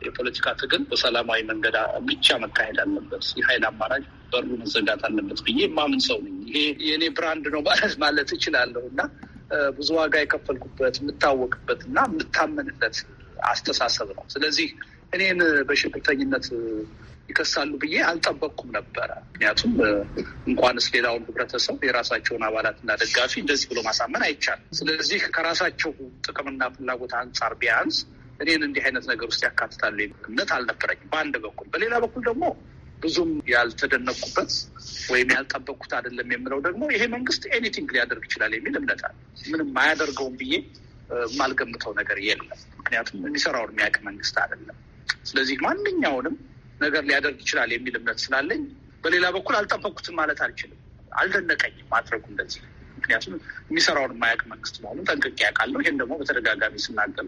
የፖለቲካ ትግል በሰላማዊ መንገድ ብቻ መካሄድ አለበት። የሀይል አማራጭ በሩ መዘጋት አለበት ብዬ ማምን ሰው ነኝ። ይሄ የእኔ ብራንድ ነው ማለት ማለት እችላለሁ እና ብዙ ዋጋ የከፈልኩበት የምታወቅበት እና የምታመንበት አስተሳሰብ ነው። ስለዚህ እኔን በሽብርተኝነት ይከሳሉ ብዬ አልጠበቅኩም ነበረ። ምክንያቱም እንኳንስ ሌላውን ህብረተሰብ የራሳቸውን አባላትና ደጋፊ እንደዚህ ብሎ ማሳመን አይቻልም። ስለዚህ ከራሳቸው ጥቅምና ፍላጎት አንጻር ቢያንስ እኔን እንዲህ አይነት ነገር ውስጥ ያካትታሉ እምነት አልነበረኝም በአንድ በኩል። በሌላ በኩል ደግሞ ብዙም ያልተደነቁበት ወይም ያልጠበቅኩት አይደለም የምለው ደግሞ ይሄ መንግስት ኤኒቲንግ ሊያደርግ ይችላል የሚል እምነት አለ። ምንም አያደርገውም ብዬ የማልገምተው ነገር የለም። ምክንያቱም የሚሰራውን የሚያውቅ መንግስት አይደለም። ስለዚህ ማንኛውንም ነገር ሊያደርግ ይችላል የሚል እምነት ስላለኝ፣ በሌላ በኩል አልጠበቅኩትም ማለት አልችልም። አልደነቀኝም ማድረጉ እንደዚህ ምክንያቱም የሚሰራውን የማያውቅ መንግስት መሆኑን ጠንቅቄ ያውቃለሁ። ይህን ደግሞ በተደጋጋሚ ስናገር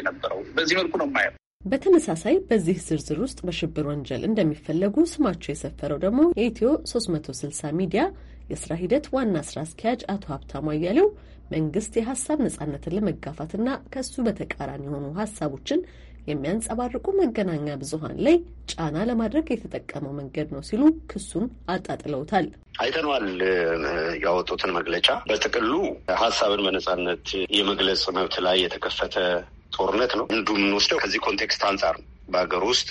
የነበረው በዚህ መልኩ ነው የማየው። በተመሳሳይ በዚህ ዝርዝር ውስጥ በሽብር ወንጀል እንደሚፈለጉ ስማቸው የሰፈረው ደግሞ የኢትዮ 360 ሚዲያ የስራ ሂደት ዋና ስራ አስኪያጅ አቶ ሀብታሙ አያሌው መንግስት የሀሳብ ነጻነትን ለመጋፋትና ከሱ በተቃራኒ የሆኑ ሀሳቦችን የሚያንጸባርቁ መገናኛ ብዙኃን ላይ ጫና ለማድረግ የተጠቀመው መንገድ ነው ሲሉ ክሱን አጣጥለውታል። አይተነዋል ያወጡትን መግለጫ። በጥቅሉ ሀሳብን በነጻነት የመግለጽ መብት ላይ የተከፈተ ጦርነት ነው። አንዱ የምንወስደው ከዚህ ኮንቴክስት አንጻር ነው። በሀገር ውስጥ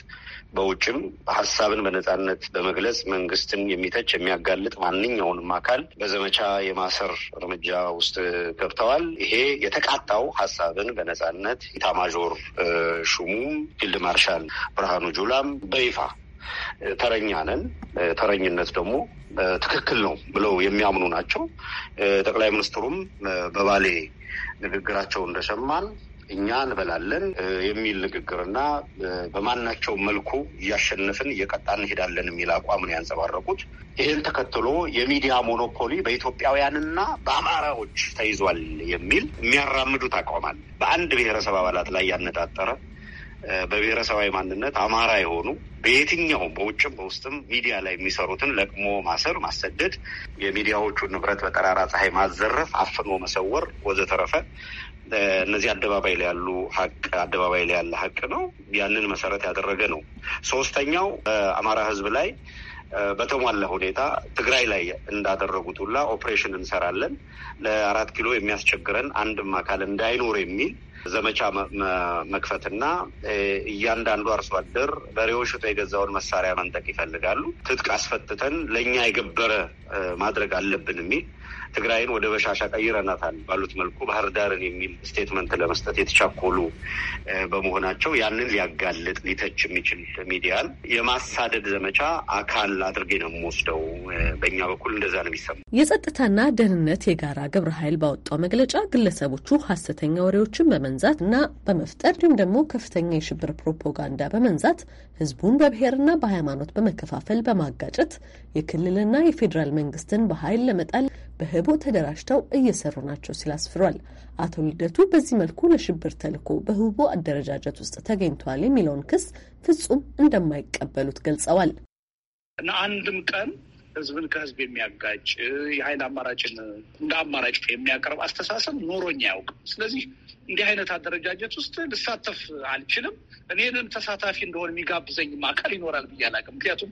በውጭም ሀሳብን በነጻነት በመግለጽ መንግስትን የሚተች የሚያጋልጥ ማንኛውንም አካል በዘመቻ የማሰር እርምጃ ውስጥ ገብተዋል። ይሄ የተቃጣው ሀሳብን በነጻነት ኢታማዦር ሹሙ ፊልድ ማርሻል ብርሃኑ ጁላም በይፋ ተረኛ ነን፣ ተረኝነት ደግሞ ትክክል ነው ብለው የሚያምኑ ናቸው። ጠቅላይ ሚኒስትሩም በባሌ ንግግራቸው እንደሰማን እኛ እንበላለን የሚል ንግግርና በማናቸው መልኩ እያሸነፍን እየቀጣን እንሄዳለን የሚል አቋም ነው ያንጸባረቁት። ይህን ተከትሎ የሚዲያ ሞኖፖሊ በኢትዮጵያውያንና በአማራዎች ተይዟል የሚል የሚያራምዱት አቋም አለ። በአንድ ብሔረሰብ አባላት ላይ ያነጣጠረ በብሔረሰባዊ ማንነት አማራ የሆኑ በየትኛውም በውጭም በውስጥም ሚዲያ ላይ የሚሰሩትን ለቅሞ ማሰር፣ ማሰደድ፣ የሚዲያዎቹን ንብረት በጠራራ ፀሐይ ማዘረፍ፣ አፍኖ መሰወር ወዘተረፈ እነዚህ አደባባይ ላይ ያሉ ሀቅ አደባባይ ላይ ያለ ሀቅ ነው። ያንን መሰረት ያደረገ ነው። ሶስተኛው በአማራ ህዝብ ላይ በተሟላ ሁኔታ ትግራይ ላይ እንዳደረጉት ሁላ ኦፕሬሽን እንሰራለን፣ ለአራት ኪሎ የሚያስቸግረን አንድም አካል እንዳይኖር የሚል ዘመቻ መክፈትና እያንዳንዱ አርሶ አደር በሬው ሽጦ የገዛውን መሳሪያ መንጠቅ ይፈልጋሉ። ትጥቅ አስፈትተን ለእኛ የገበረ ማድረግ አለብን የሚል ትግራይን ወደ በሻሻ ቀይረናታል ባሉት መልኩ ባህር ዳርን የሚል ስቴትመንት ለመስጠት የተቻኮሉ በመሆናቸው ያንን ሊያጋልጥ ሊተች የሚችል ሚዲያን የማሳደድ ዘመቻ አካል አድርጌ ነው የምወስደው። በእኛ በኩል እንደዛ ነው የሚሰማ። የጸጥታና ደህንነት የጋራ ግብረ ኃይል ባወጣው መግለጫ ግለሰቦቹ ሀሰተኛ ወሬዎችን በመንዛት እና በመፍጠር እንዲሁም ደግሞ ከፍተኛ የሽብር ፕሮፓጋንዳ በመንዛት ህዝቡን በብሔርና በሃይማኖት በመከፋፈል በማጋጨት የክልልና የፌዴራል መንግስትን በኃይል ለመጣል በህቦ ተደራጅተው እየሰሩ ናቸው ሲል አስፍሯል። አቶ ልደቱ በዚህ መልኩ ለሽብር ተልዕኮ በህቦ አደረጃጀት ውስጥ ተገኝተዋል የሚለውን ክስ ፍጹም እንደማይቀበሉት ገልጸዋል። አንድም ቀን ህዝብን ከህዝብ የሚያጋጭ የሀይል አማራጭን እንደ አማራጭ የሚያቀርብ አስተሳሰብ ኖሮኝ አያውቅም። ስለዚህ እንዲህ አይነት አደረጃጀት ውስጥ ልሳተፍ አልችልም። እኔንም ተሳታፊ እንደሆነ የሚጋብዘኝ አካል ይኖራል ብዬ አላውቅም። ምክንያቱም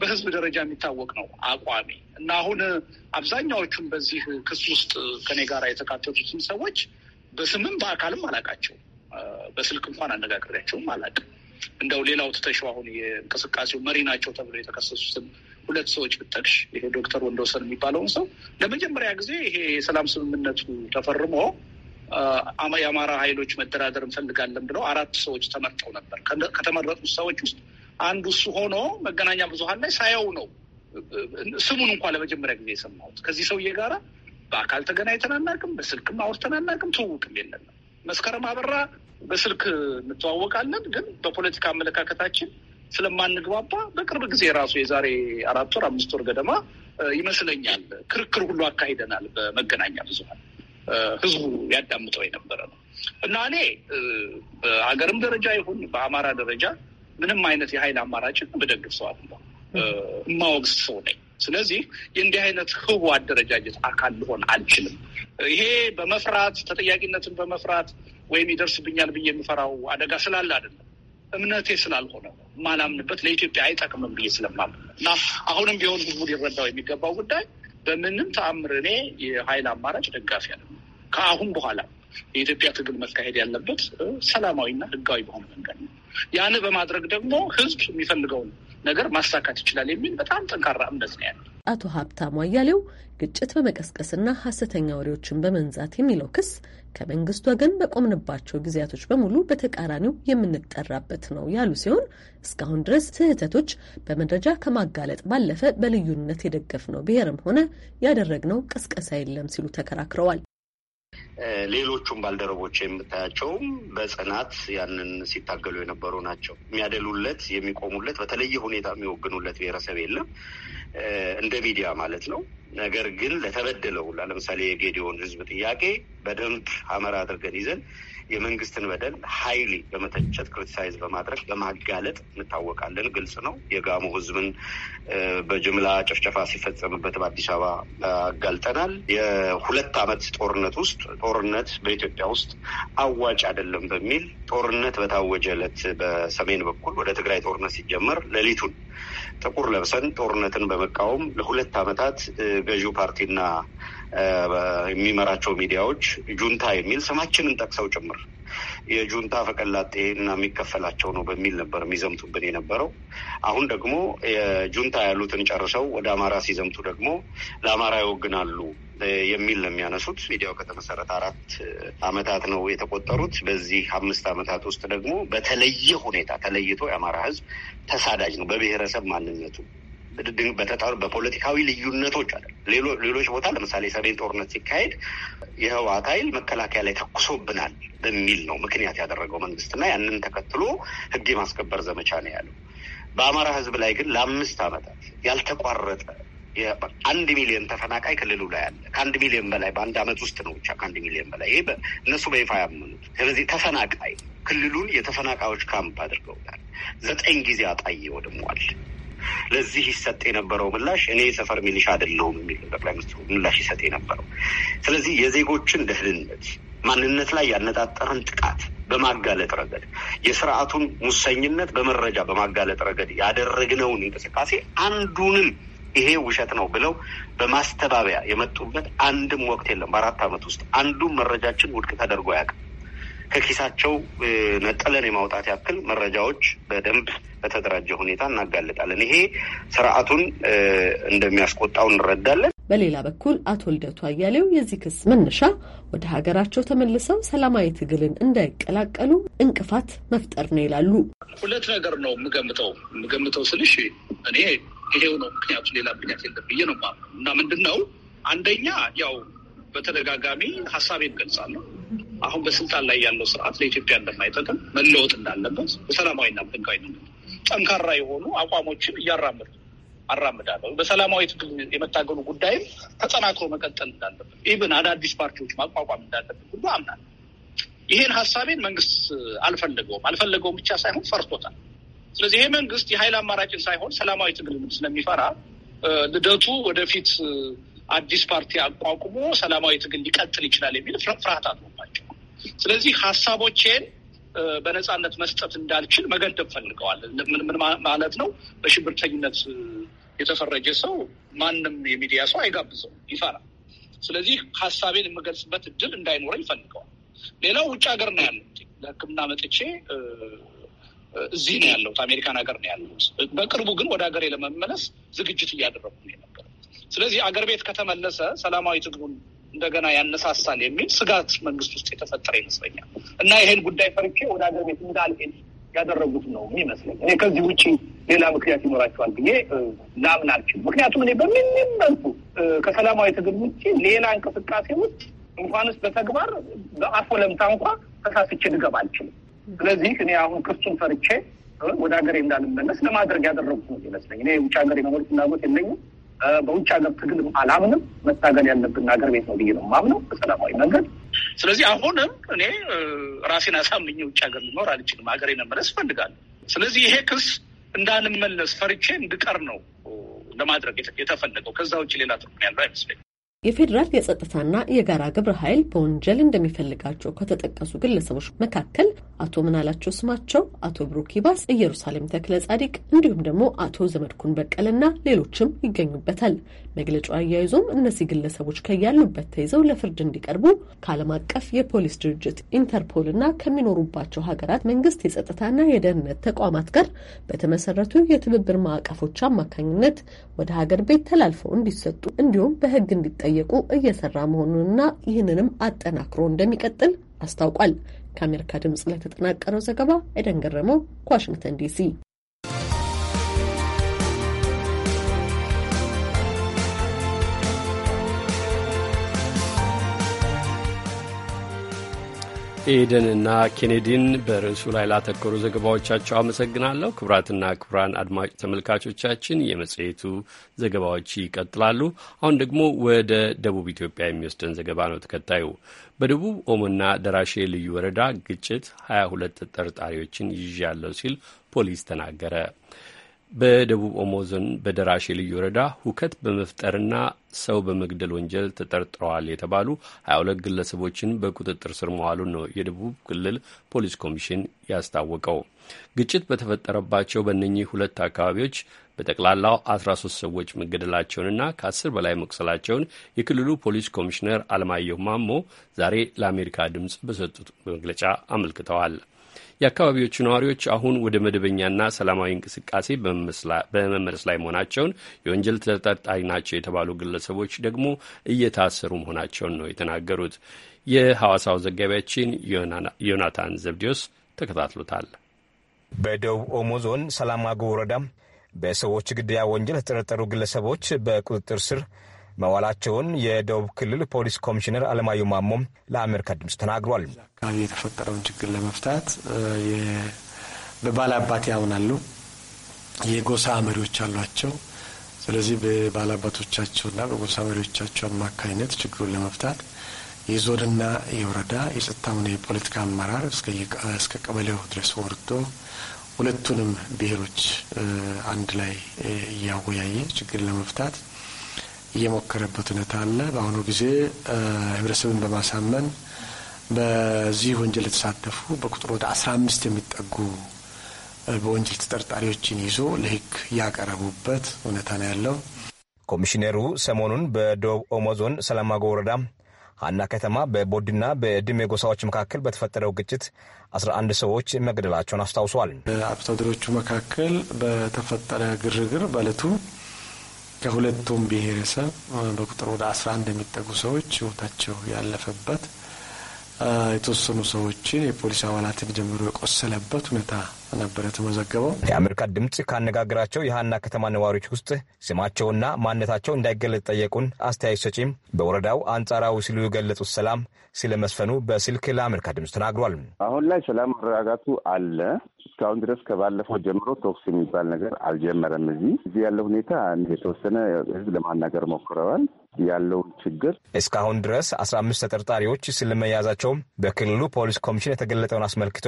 በህዝብ ደረጃ የሚታወቅ ነው አቋሚ እና አሁን አብዛኛዎቹም በዚህ ክስ ውስጥ ከኔ ጋር የተካተቱትን ሰዎች በስምም በአካልም አላውቃቸውም። በስልክ እንኳን አነጋግሬያቸውም አላውቅም። እንደው ሌላው ትተሽው አሁን የእንቅስቃሴው መሪ ናቸው ተብሎ የተከሰሱትን ሁለት ሰዎች ብጠቅሽ ይሄ ዶክተር ወንዶሰን የሚባለውን ሰው ለመጀመሪያ ጊዜ ይሄ የሰላም ስምምነቱ ተፈርሞ የአማራ ኃይሎች መደራደር እንፈልጋለን ብለው አራት ሰዎች ተመርጠው ነበር። ከተመረጡት ሰዎች ውስጥ አንዱ እሱ ሆኖ መገናኛ ብዙኃን ላይ ሳየው ነው ስሙን እንኳ ለመጀመሪያ ጊዜ የሰማሁት። ከዚህ ሰውዬ ጋራ በአካል ተገናኝተን አናውቅም፣ በስልክም አውርተን አናውቅም፣ ትውውቅም የለንም። መስከረም አበራ በስልክ እንተዋወቃለን፣ ግን በፖለቲካ አመለካከታችን ስለማንግባባ በቅርብ ጊዜ ራሱ የዛሬ አራት ወር አምስት ወር ገደማ ይመስለኛል ክርክር ሁሉ አካሂደናል። በመገናኛ ብዙኃን ህዝቡ ያዳምጠው የነበረ ነው እና እኔ በሀገርም ደረጃ ይሁን በአማራ ደረጃ ምንም አይነት የሀይል አማራጭን ብደግፍ ሰው አለ ሰው ነኝ። ስለዚህ የእንዲህ አይነት ህቡ አደረጃጀት አካል ልሆን አልችልም። ይሄ በመፍራት ተጠያቂነትን በመፍራት ወይም ይደርስብኛል ብዬ የምፈራው አደጋ ስላለ አይደለም። እምነቴ ስላልሆነ ማላምንበት ለኢትዮጵያ አይጠቅምም ብዬ ስለማምን እና አሁንም ቢሆን ህዝቡ ሊረዳው የሚገባው ጉዳይ በምንም ተአምር እኔ የኃይል አማራጭ ደጋፊ ያለ ከአሁን በኋላ የኢትዮጵያ ትግል መካሄድ ያለበት ሰላማዊና ህጋዊ በሆነ መንገድ ነው። ያን በማድረግ ደግሞ ህዝብ የሚፈልገውን ነገር ማሳካት ይችላል የሚል በጣም ጠንካራ እምነት ነው ያለው አቶ ሀብታሙ አያሌው። ግጭት በመቀስቀስና ሀሰተኛ ወሬዎችን በመንዛት የሚለው ክስ ከመንግስት ወገን በቆምንባቸው ጊዜያቶች በሙሉ በተቃራኒው የምንጠራበት ነው ያሉ ሲሆን እስካሁን ድረስ ስህተቶች በመረጃ ከማጋለጥ ባለፈ በልዩነት የደገፍነው ብሔርም ሆነ ያደረግነው ቅስቀሳ የለም ሲሉ ተከራክረዋል። ሌሎቹም ባልደረቦች የምታያቸውም በጽናት ያንን ሲታገሉ የነበሩ ናቸው። የሚያደሉለት፣ የሚቆሙለት፣ በተለየ ሁኔታ የሚወግኑለት ብሔረሰብ የለም እንደ ሚዲያ ማለት ነው። ነገር ግን ለተበደለው ለምሳሌ የጌዲዮን ሕዝብ ጥያቄ በደንብ አመራ አድርገን ይዘን የመንግስትን በደል ሀይሊ በመተቸት ክሪቲሳይዝ በማድረግ በማጋለጥ እንታወቃለን። ግልጽ ነው። የጋሞ ህዝብን በጅምላ ጭፍጨፋ ሲፈጸምበት በአዲስ አበባ አጋልጠናል። የሁለት ዓመት ጦርነት ውስጥ ጦርነት በኢትዮጵያ ውስጥ አዋጭ አይደለም በሚል ጦርነት በታወጀ ዕለት በሰሜን በኩል ወደ ትግራይ ጦርነት ሲጀመር ሌሊቱን ጥቁር ለብሰን ጦርነትን በመቃወም ለሁለት ዓመታት ገዢው ፓርቲና የሚመራቸው ሚዲያዎች ጁንታ የሚል ስማችንን ጠቅሰው ጭምር የጁንታ ፈቀላጤ እና የሚከፈላቸው ነው በሚል ነበር የሚዘምቱብን የነበረው። አሁን ደግሞ የጁንታ ያሉትን ጨርሰው ወደ አማራ ሲዘምቱ ደግሞ ለአማራ ይወግናሉ የሚል ነው የሚያነሱት። ሚዲያው ከተመሰረተ አራት አመታት ነው የተቆጠሩት። በዚህ አምስት አመታት ውስጥ ደግሞ በተለየ ሁኔታ ተለይቶ የአማራ ህዝብ ተሳዳጅ ነው በብሔረሰብ ማንነቱ በተጣሩ በፖለቲካዊ ልዩነቶች አለ። ሌሎች ቦታ ለምሳሌ ሰሜን ጦርነት ሲካሄድ የህወሓት ኃይል መከላከያ ላይ ተኩሶብናል በሚል ነው ምክንያት ያደረገው መንግስትና ያንን ተከትሎ ህግ የማስከበር ዘመቻ ነው ያለው። በአማራ ህዝብ ላይ ግን ለአምስት ዓመታት ያልተቋረጠ አንድ ሚሊዮን ተፈናቃይ ክልሉ ላይ አለ። ከአንድ ሚሊዮን በላይ በአንድ አመት ውስጥ ነው ብቻ ከአንድ ሚሊዮን በላይ ይሄ እነሱ በይፋ ያመኑት። ስለዚህ ተፈናቃይ ክልሉን የተፈናቃዮች ካምፕ አድርገውታል። ዘጠኝ ጊዜ አጣዬ ወድሟል። ለዚህ ይሰጥ የነበረው ምላሽ እኔ የሰፈር ሚሊሻ አይደለሁም የሚል ጠቅላይ ሚኒስትሩ ምላሽ ይሰጥ የነበረው። ስለዚህ የዜጎችን ደህንነት ማንነት ላይ ያነጣጠረን ጥቃት በማጋለጥ ረገድ የስርዓቱን ሙሰኝነት በመረጃ በማጋለጥ ረገድ ያደረግነውን እንቅስቃሴ አንዱንም ይሄ ውሸት ነው ብለው በማስተባበያ የመጡበት አንድም ወቅት የለም። በአራት ዓመት ውስጥ አንዱም መረጃችን ውድቅ ተደርጎ አያውቅም። ከኪሳቸው መጠለን የማውጣት ያክል መረጃዎች በደንብ በተደራጀ ሁኔታ እናጋልጣለን። ይሄ ስርዓቱን እንደሚያስቆጣው እንረዳለን። በሌላ በኩል አቶ ልደቱ አያሌው የዚህ ክስ መነሻ ወደ ሀገራቸው ተመልሰው ሰላማዊ ትግልን እንዳይቀላቀሉ እንቅፋት መፍጠር ነው ይላሉ። ሁለት ነገር ነው የምገምተው የምገምተው ስልሽ እኔ ይሄው ነው ምክንያቱ ሌላ ምክንያት የለም ብዬ ነው እና ምንድን ነው አንደኛ ያው በተደጋጋሚ ሀሳቤን ገልጻለሁ። አሁን በስልጣን ላይ ያለው ስርዓት ለኢትዮጵያ እንደማይጠቅም መለወጥ እንዳለበት በሰላማዊና በህጋዊ ጠንካራ የሆኑ አቋሞችን እያራምድ አራምዳለሁ። በሰላማዊ ትግል የመታገሉ ጉዳይም ተጠናክሮ መቀጠል እንዳለበት፣ ኢብን አዳዲስ ፓርቲዎች ማቋቋም እንዳለበት ሁሉ አምናለሁ። ይህን ሀሳቤን መንግስት አልፈለገውም። አልፈለገውም ብቻ ሳይሆን ፈርቶታል። ስለዚህ ይሄ መንግስት የሀይል አማራጭን ሳይሆን ሰላማዊ ትግል ስለሚፈራ ልደቱ ወደፊት አዲስ ፓርቲ አቋቁሞ ሰላማዊ ትግል ሊቀጥል ይችላል የሚል ፍርሃት አለባቸው። ስለዚህ ሀሳቦቼን በነፃነት መስጠት እንዳልችል መገደብ ፈልገዋል። ምን ማለት ነው? በሽብርተኝነት የተፈረጀ ሰው ማንም የሚዲያ ሰው አይጋብዘውም፣ ይፈራል። ስለዚህ ሀሳቤን የምገልጽበት እድል እንዳይኖረ ይፈልገዋል። ሌላው ውጭ ሀገር ነው ያለው። ለሕክምና መጥቼ እዚህ ነው ያለሁት፣ አሜሪካን ሀገር ነው ያለሁት። በቅርቡ ግን ወደ ሀገሬ ለመመለስ ዝግጅት እያደረጉ ነው። ስለዚህ አገር ቤት ከተመለሰ ሰላማዊ ትግሉን እንደገና ያነሳሳል የሚል ስጋት መንግስት ውስጥ የተፈጠረ ይመስለኛል እና ይሄን ጉዳይ ፈርቼ ወደ አገር ቤት እንዳልሄድ ያደረጉት ነው የሚመስለኝ። እኔ ከዚህ ውጭ ሌላ ምክንያት ይኖራቸዋል ብዬ ላምን አልችልም። ምክንያቱም እኔ በምንም መልኩ ከሰላማዊ ትግል ውጭ ሌላ እንቅስቃሴ ውስጥ እንኳንስ በተግባር በአፎ ለምታ እንኳ ተሳስቼ ልገባ አልችልም። ስለዚህ እኔ አሁን ክርስቱን ፈርቼ ወደ ሀገሬ እንዳልመለስ ለማድረግ ያደረጉት ነው ይመስለኝ። እኔ ውጭ ሀገር የመኖር ፍላጎት የለኝም። በውጭ ሀገር ትግልም አላምንም። መታገል ያለብን ሀገር ቤት ነው ብዬ ነው የማምነው በሰላማዊ መንገድ። ስለዚህ አሁንም እኔ ራሴን አሳምኜ ውጭ ሀገር ልኖር አልችልም። ሀገሬን መመለስ እፈልጋለሁ። ስለዚህ ይሄ ክስ እንዳንመለስ ፈርቼ እንድቀር ነው ለማድረግ የተፈለገው። ከዛ ውጭ ሌላ ትርጉም ያለው አይመስለኝ። የፌዴራል የጸጥታና የጋራ ግብረ ኃይል በወንጀል እንደሚፈልጋቸው ከተጠቀሱ ግለሰቦች መካከል አቶ ምናላቸው ስማቸው፣ አቶ ብሩክ ይባስ፣ ኢየሩሳሌም ተክለ ጻዲቅ እንዲሁም ደግሞ አቶ ዘመድኩን በቀልና ሌሎችም ይገኙበታል። መግለጫው አያይዞም እነዚህ ግለሰቦች ከያሉበት ተይዘው ለፍርድ እንዲቀርቡ ከዓለም አቀፍ የፖሊስ ድርጅት ኢንተርፖልና ከሚኖሩባቸው ሀገራት መንግስት የጸጥታና የደህንነት ተቋማት ጋር በተመሰረቱ የትብብር ማዕቀፎች አማካኝነት ወደ ሀገር ቤት ተላልፈው እንዲሰጡ እንዲሁም በህግ እንዲጠ እንዲጠየቁ እየሰራ መሆኑንና ይህንንም አጠናክሮ እንደሚቀጥል አስታውቋል። ከአሜሪካ ድምፅ ለተጠናቀረው ዘገባ ኤደን ገረመው ከዋሽንግተን ዲሲ ኤደንና ኬኔዲን በርዕሱ ላይ ላተኮሩ ዘገባዎቻቸው አመሰግናለሁ። ክቡራትና ክቡራን አድማጭ ተመልካቾቻችን የመጽሔቱ ዘገባዎች ይቀጥላሉ። አሁን ደግሞ ወደ ደቡብ ኢትዮጵያ የሚወስደን ዘገባ ነው ተከታዩ። በደቡብ ኦሞና ደራሼ ልዩ ወረዳ ግጭት 22 ተጠርጣሪዎችን ይዣለሁ ሲል ፖሊስ ተናገረ። በደቡብ ኦሞ ዞን በደራሼ ልዩ ወረዳ ሁከት በመፍጠርና ሰው በመግደል ወንጀል ተጠርጥረዋል የተባሉ 22 ግለሰቦችን በቁጥጥር ስር መዋሉን ነው የደቡብ ክልል ፖሊስ ኮሚሽን ያስታወቀው። ግጭት በተፈጠረባቸው በእነኚህ ሁለት አካባቢዎች በጠቅላላው 13 ሰዎች መገደላቸውንና ከ10 በላይ መቁሰላቸውን የክልሉ ፖሊስ ኮሚሽነር አለማየሁ ማሞ ዛሬ ለአሜሪካ ድምፅ በሰጡት መግለጫ አመልክተዋል። የአካባቢዎቹ ነዋሪዎች አሁን ወደ መደበኛና ሰላማዊ እንቅስቃሴ በመመለስ ላይ መሆናቸውን፣ የወንጀል ተጠርጣሪ ናቸው የተባሉ ግለሰቦች ደግሞ እየታሰሩ መሆናቸውን ነው የተናገሩት። የሐዋሳው ዘጋቢያችን ዮናታን ዘብዲዮስ ተከታትሎታል። በደቡብ ኦሞ ዞን ሰላማጎ ወረዳ በሰዎች ግድያ ወንጀል የተጠረጠሩ ግለሰቦች በቁጥጥር ስር መዋላቸውን የደቡብ ክልል ፖሊስ ኮሚሽነር አለማየሁ ማሞም ለአሜሪካ ድምፅ ተናግሯል። አካባቢ የተፈጠረውን ችግር ለመፍታት አባት ያምናሉ። የጎሳ መሪዎች አሏቸው። ስለዚህ በባላባቶቻቸውና በጎሳ መሪዎቻቸው አማካኝነት ችግሩን ለመፍታት የዞንና የወረዳ የጸጥታውን የፖለቲካ አመራር እስከ ቀበሌው ድረስ ወርዶ ሁለቱንም ብሔሮች አንድ ላይ እያወያየ ችግር ለመፍታት እየሞከረበት ሁኔታ አለ። በአሁኑ ጊዜ ህብረተሰብን በማሳመን በዚህ ወንጀል የተሳተፉ በቁጥር ወደ አስራ አምስት የሚጠጉ በወንጀል ተጠርጣሪዎችን ይዞ ለህግ ያቀረቡበት እውነታ ነው ያለው። ኮሚሽነሩ ሰሞኑን በደቡብ ኦሞ ዞን ሰላማጎ ወረዳ ሀና ከተማ በቦድና በድሜ ጎሳዎች መካከል በተፈጠረው ግጭት 11 ሰዎች መገደላቸውን አስታውሰዋል። በአርሶ አደሮቹ መካከል በተፈጠረ ግርግር በለቱ ከሁለቱም ብሔረሰብ በቁጥር ወደ አስራ አንድ የሚጠጉ ሰዎች ህይወታቸው ያለፈበት የተወሰኑ ሰዎችን የፖሊስ አባላትን ጀምሮ የቆሰለበት ሁኔታ ነበረ የተመዘገበው። የአሜሪካ ድምፅ ካነጋገራቸው የሀና ከተማ ነዋሪዎች ውስጥ ስማቸውና ማንነታቸው እንዳይገለጽ ጠየቁን አስተያየት ሰጪም በወረዳው አንጻራዊ ሲሉ የገለጹት ሰላም ስለመስፈኑ በስልክ ለአሜሪካ ድምፅ ተናግሯል። አሁን ላይ ሰላም መረጋጋቱ አለ። እስካሁን ድረስ ከባለፈው ጀምሮ ቶክስ የሚባል ነገር አልጀመረም። እዚህ እዚህ ያለው ሁኔታ የተወሰነ ህዝብ ለማናገር ሞክረዋል። ያለውን ችግር እስካሁን ድረስ አስራ አምስት ተጠርጣሪዎች ስለመያዛቸው በክልሉ ፖሊስ ኮሚሽን የተገለጠውን አስመልክቶ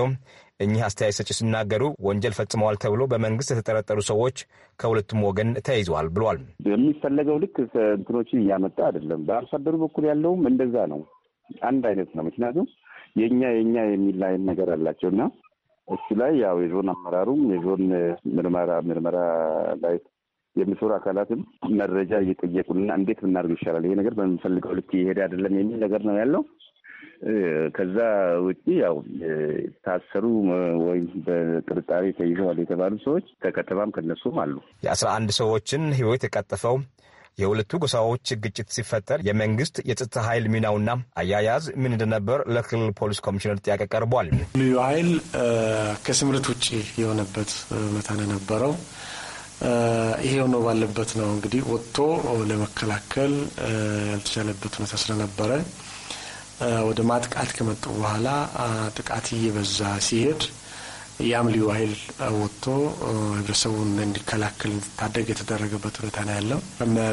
እኚህ አስተያየት ሰጪ ሲናገሩ ወንጀል ፈጽመዋል ተብሎ በመንግስት የተጠረጠሩ ሰዎች ከሁለቱም ወገን ተይዘዋል ብሏል። የሚፈለገው ልክ እንትኖችን እያመጣ አይደለም። በአርሶ በኩል ያለውም እንደዛ ነው። አንድ አይነት ነው። ምክንያቱም የእኛ የእኛ የሚል አይነት ነገር አላቸው እና እሱ ላይ ያው የዞን አመራሩም የዞን ምርመራ ምርመራ ላይ የሚሰሩ አካላትም መረጃ እየጠየቁንና እንዴት ብናደርገው ይሻላል፣ ይሄ ነገር በምንፈልገው ልክ እየሄደ አይደለም የሚል ነገር ነው ያለው። ከዛ ውጭ ያው ታሰሩ ወይም በጥርጣሬ ተይዘዋል የተባሉ ሰዎች ከከተማም ከነሱም አሉ። የአስራ አንድ ሰዎችን ህይወት የቀጠፈው የሁለቱ ጎሳዎች ግጭት ሲፈጠር የመንግስት የጸጥታ ኃይል ሚናውና አያያዝ ምን እንደነበር ለክልል ፖሊስ ኮሚሽነር ጥያቄ ቀርቧል። ልዩ ኃይል ከስምርት ውጭ የሆነበት ሁኔታ ነበረው ይሄ ሆኖ ባለበት ነው እንግዲህ ወጥቶ ለመከላከል ያልተቻለበት ሁኔታ ስለነበረ ወደ ማጥቃት ከመጡ በኋላ ጥቃት እየበዛ ሲሄድ ልዩ ኃይል ወጥቶ ህብረተሰቡን እንዲከላከል እንዲታደግ የተደረገበት ሁኔታ ነው ያለው።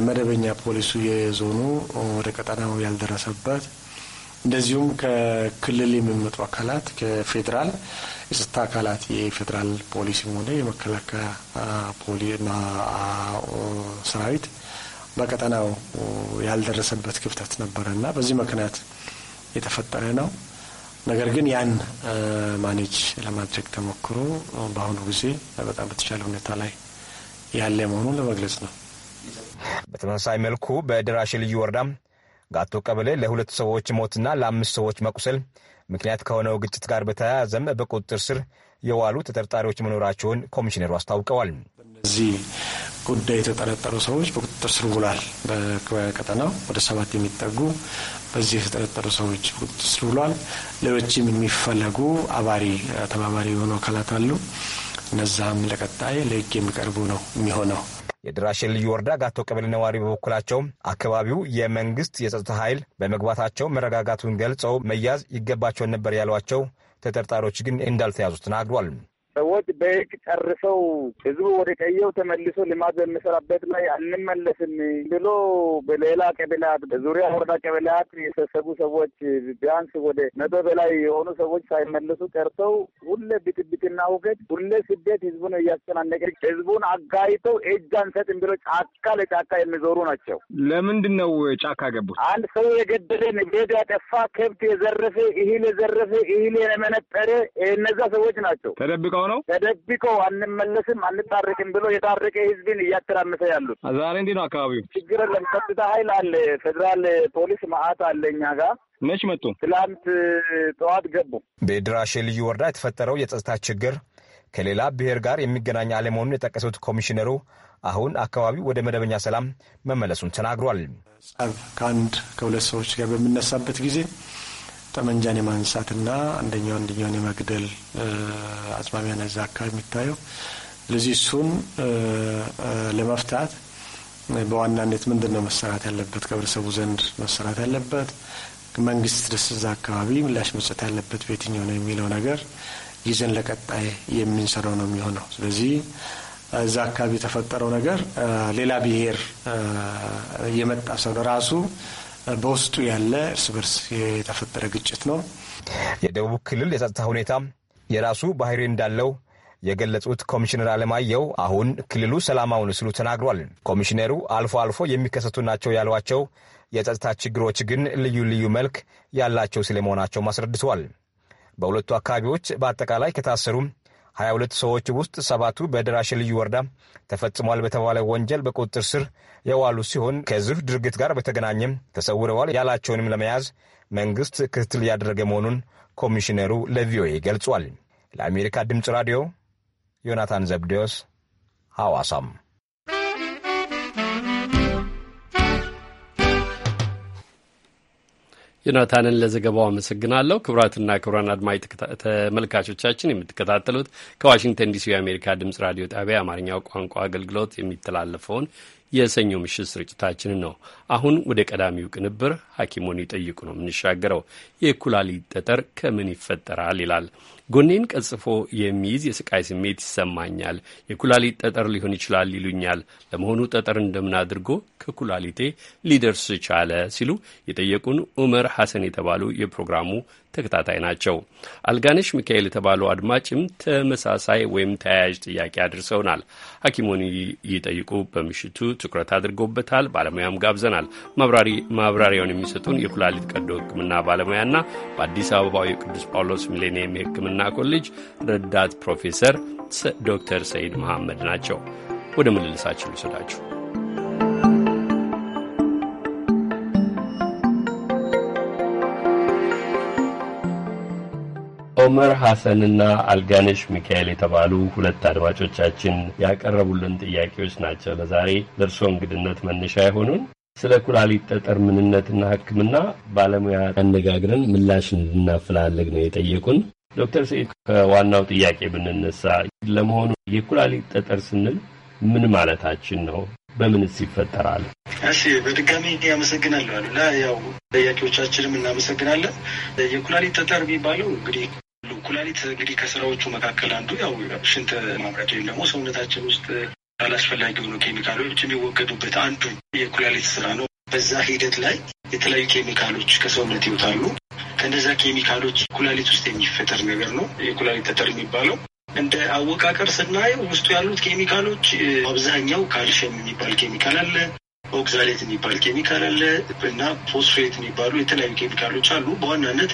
መደበኛ ፖሊሱ የዞኑ ወደ ቀጠናው ያልደረሰበት እንደዚሁም ከክልል የሚመጡ አካላት ከፌዴራል የጸጥታ አካላት የፌዴራል ፖሊስም ሆነ የመከላከያ ፖሊስና ሰራዊት በቀጠናው ያልደረሰበት ክፍተት ነበረና በዚህ ምክንያት የተፈጠረ ነው። ነገር ግን ያን ማኔጅ ለማድረግ ተሞክሮ በአሁኑ ጊዜ በጣም በተቻለ ሁኔታ ላይ ያለ መሆኑን ለመግለጽ ነው። በተመሳሳይ መልኩ በድራሽ ልዩ ወረዳ ጋቶ ቀበሌ ለሁለት ሰዎች ሞትና ለአምስት ሰዎች መቁሰል ምክንያት ከሆነው ግጭት ጋር በተያያዘም በቁጥጥር ስር የዋሉ ተጠርጣሪዎች መኖራቸውን ኮሚሽነሩ አስታውቀዋል። በዚህ ጉዳይ የተጠረጠሩ ሰዎች በቁጥጥር ስር ውሏል። በቀጠናው ወደ ሰባት የሚጠጉ በዚህ የተጠረጠሩ ሰዎች ቁጥጥር ስር ውሏል። ሌሎችም የሚፈለጉ አባሪ ተባባሪ የሆኑ አካላት አሉ። እነዛም ለቀጣይ ለህግ የሚቀርቡ ነው የሚሆነው። የድራሽን ልዩ ወረዳ ጋቶ ቀበሌ ነዋሪ በበኩላቸው አካባቢው የመንግስት የጸጥታ ኃይል በመግባታቸው መረጋጋቱን ገልጸው መያዝ ይገባቸውን ነበር ያሏቸው ተጠርጣሪዎች ግን እንዳልተያዙ ተናግሯል። ሰዎች በህግ ጨርሰው ህዝቡ ወደ ቀየው ተመልሶ ልማት በሚሰራበት ላይ አንመለስም ብሎ በሌላ ቀበሌያት በዙሪያ ወረዳ ቀበሌያት የሰሰቡ ሰዎች ቢያንስ ወደ መቶ በላይ የሆኑ ሰዎች ሳይመለሱ ቀርተው ሁሌ ብጥብጥና ውገት፣ ሁሌ ስደት ህዝቡን እያስጨናነቀ ህዝቡን አጋይተው እጅ አንሰጥም ብሎ ጫካ ለጫካ የሚዞሩ ናቸው። ለምንድን ነው ጫካ ገቡት? አንድ ሰው የገደለ ንብረት ያጠፋ ከብት የዘረፈ እህል የዘረፈ እህል የመነጠረ እነዛ ሰዎች ናቸው ተደብቀው የሆነው ተደብቆ አንመለስም አንታረቅም ብሎ የታረቀ ህዝብን እያተራመሰ ያሉት ዛሬ እንዲህ ነው። አካባቢው ችግር የለም። ጸጥታ ኃይል አለ፣ ፌዴራል ፖሊስ መዓት አለ እኛ ጋር መች መጡ። ትላንት ጠዋት ገቡ። በድራሼ ልዩ ወረዳ የተፈጠረው የጸጥታ ችግር ከሌላ ብሔር ጋር የሚገናኝ አለመሆኑን የጠቀሱት ኮሚሽነሩ አሁን አካባቢው ወደ መደበኛ ሰላም መመለሱን ተናግሯል። ጸብ ከአንድ ከሁለት ሰዎች ጋር በምነሳበት ጊዜ ጠመንጃን የማንሳትና አንደኛው አንደኛውን የመግደል አዝማሚያ ነው እዛ አካባቢ የሚታየው። ስለዚህ እሱን ለመፍታት በዋናነት ምንድን ነው መሰራት ያለበት? ከህብረተሰቡ ዘንድ መሰራት ያለበት መንግስት ደስ እዛ አካባቢ ምላሽ መስጠት ያለበት በየትኛው ነው የሚለው ነገር ይዘን ለቀጣይ የምንሰራው ነው የሚሆነው። ስለዚህ እዛ አካባቢ የተፈጠረው ነገር ሌላ ብሄር የመጣ ሰው ራሱ በውስጡ ያለ እርስ በርስ የተፈጠረ ግጭት ነው። የደቡብ ክልል የጸጥታ ሁኔታ የራሱ ባህሪ እንዳለው የገለጹት ኮሚሽነር አለማየሁ አሁን ክልሉ ሰላማውን ስሉ ተናግሯል። ኮሚሽነሩ አልፎ አልፎ የሚከሰቱ ናቸው ያሏቸው የጸጥታ ችግሮች ግን ልዩ ልዩ መልክ ያላቸው ስለመሆናቸውም አስረድተዋል። በሁለቱ አካባቢዎች በአጠቃላይ ከታሰሩ 22 ሰዎች ውስጥ ሰባቱ በደራሽ ልዩ ወረዳ ተፈጽሟል በተባለ ወንጀል በቁጥጥር ስር የዋሉ ሲሆን ከዚህ ድርጊት ጋር በተገናኘም ተሰውረዋል ያላቸውንም ለመያዝ መንግስት ክትትል እያደረገ መሆኑን ኮሚሽነሩ ለቪኦኤ ገልጿል። ለአሜሪካ ድምፅ ራዲዮ ዮናታን ዘብዴዎስ ሐዋሳም ዮናታንን ለዘገባው አመሰግናለሁ። ክቡራትና ክቡራን አድማጭ ተመልካቾቻችን የምትከታተሉት ከዋሽንግተን ዲሲ የአሜሪካ ድምጽ ራዲዮ ጣቢያ የአማርኛው ቋንቋ አገልግሎት የሚተላለፈውን የሰኞ ምሽት ስርጭታችንን ነው። አሁን ወደ ቀዳሚው ቅንብር ሐኪሙን ይጠይቁ ነው የምንሻገረው። የኩላሊት ጠጠር ከምን ይፈጠራል ይላል። ጎኔን ቀጽፎ የሚይዝ የስቃይ ስሜት ይሰማኛል። የኩላሊት ጠጠር ሊሆን ይችላል ይሉኛል። ለመሆኑ ጠጠር እንደምን አድርጎ ከኩላሊቴ ሊደርስ ቻለ? ሲሉ የጠየቁን ዑመር ሐሰን የተባሉ የፕሮግራሙ ተከታታይ ናቸው። አልጋነሽ ሚካኤል የተባሉ አድማጭም ተመሳሳይ ወይም ተያያዥ ጥያቄ አድርሰውናል። ሐኪሙን ይጠይቁ በምሽቱ ትኩረት አድርጎበታል። ባለሙያም ጋብዘናል። ማብራሪያውን የሚሰጡን የኩላሊት ቀዶ ሕክምና ባለሙያና በአዲስ አበባው የቅዱስ ጳውሎስ ሚሌኒየም የሕክምና ኮሌጅ ረዳት ፕሮፌሰር ዶክተር ሰይድ መሐመድ ናቸው። ወደ ምልልሳችን ልውሰዳችሁ። ኦመር ሐሰንና አልጋነሽ ሚካኤል የተባሉ ሁለት አድማጮቻችን ያቀረቡልን ጥያቄዎች ናቸው ለዛሬ ለእርሶ እንግድነት መነሻ የሆኑን። ስለ ኩላሊት ጠጠር ምንነትና ሕክምና ባለሙያ አነጋግረን ምላሽ እንድናፈላለግ ነው የጠየቁን። ዶክተር ሰኢድ ከዋናው ጥያቄ ብንነሳ ለመሆኑ የኩላሊት ጠጠር ስንል ምን ማለታችን ነው? በምንስ ይፈጠራል? እሺ፣ በድጋሚ ያመሰግናለሁ አሉላ። ያው ጥያቄዎቻችንም እናመሰግናለን። የኩላሊት ጠጠር የሚባለው እንግዲህ ኩላሊት እንግዲህ ከስራዎቹ መካከል አንዱ ያው ሽንት ማምረት ወይም ደግሞ ሰውነታችን ውስጥ አላስፈላጊ የሆኑ ኬሚካሎች የሚወገዱበት አንዱ የኩላሊት ስራ ነው። በዛ ሂደት ላይ የተለያዩ ኬሚካሎች ከሰውነት ይወጣሉ። ከነዛ ኬሚካሎች ኩላሊት ውስጥ የሚፈጠር ነገር ነው የኩላሊት ጠጠር የሚባለው። እንደ አወቃቀር ስናየው ውስጡ ያሉት ኬሚካሎች አብዛኛው ካልሽየም የሚባል ኬሚካል አለ፣ ኦግዛሌት የሚባል ኬሚካል አለ እና ፎስፌት የሚባሉ የተለያዩ ኬሚካሎች አሉ። በዋናነት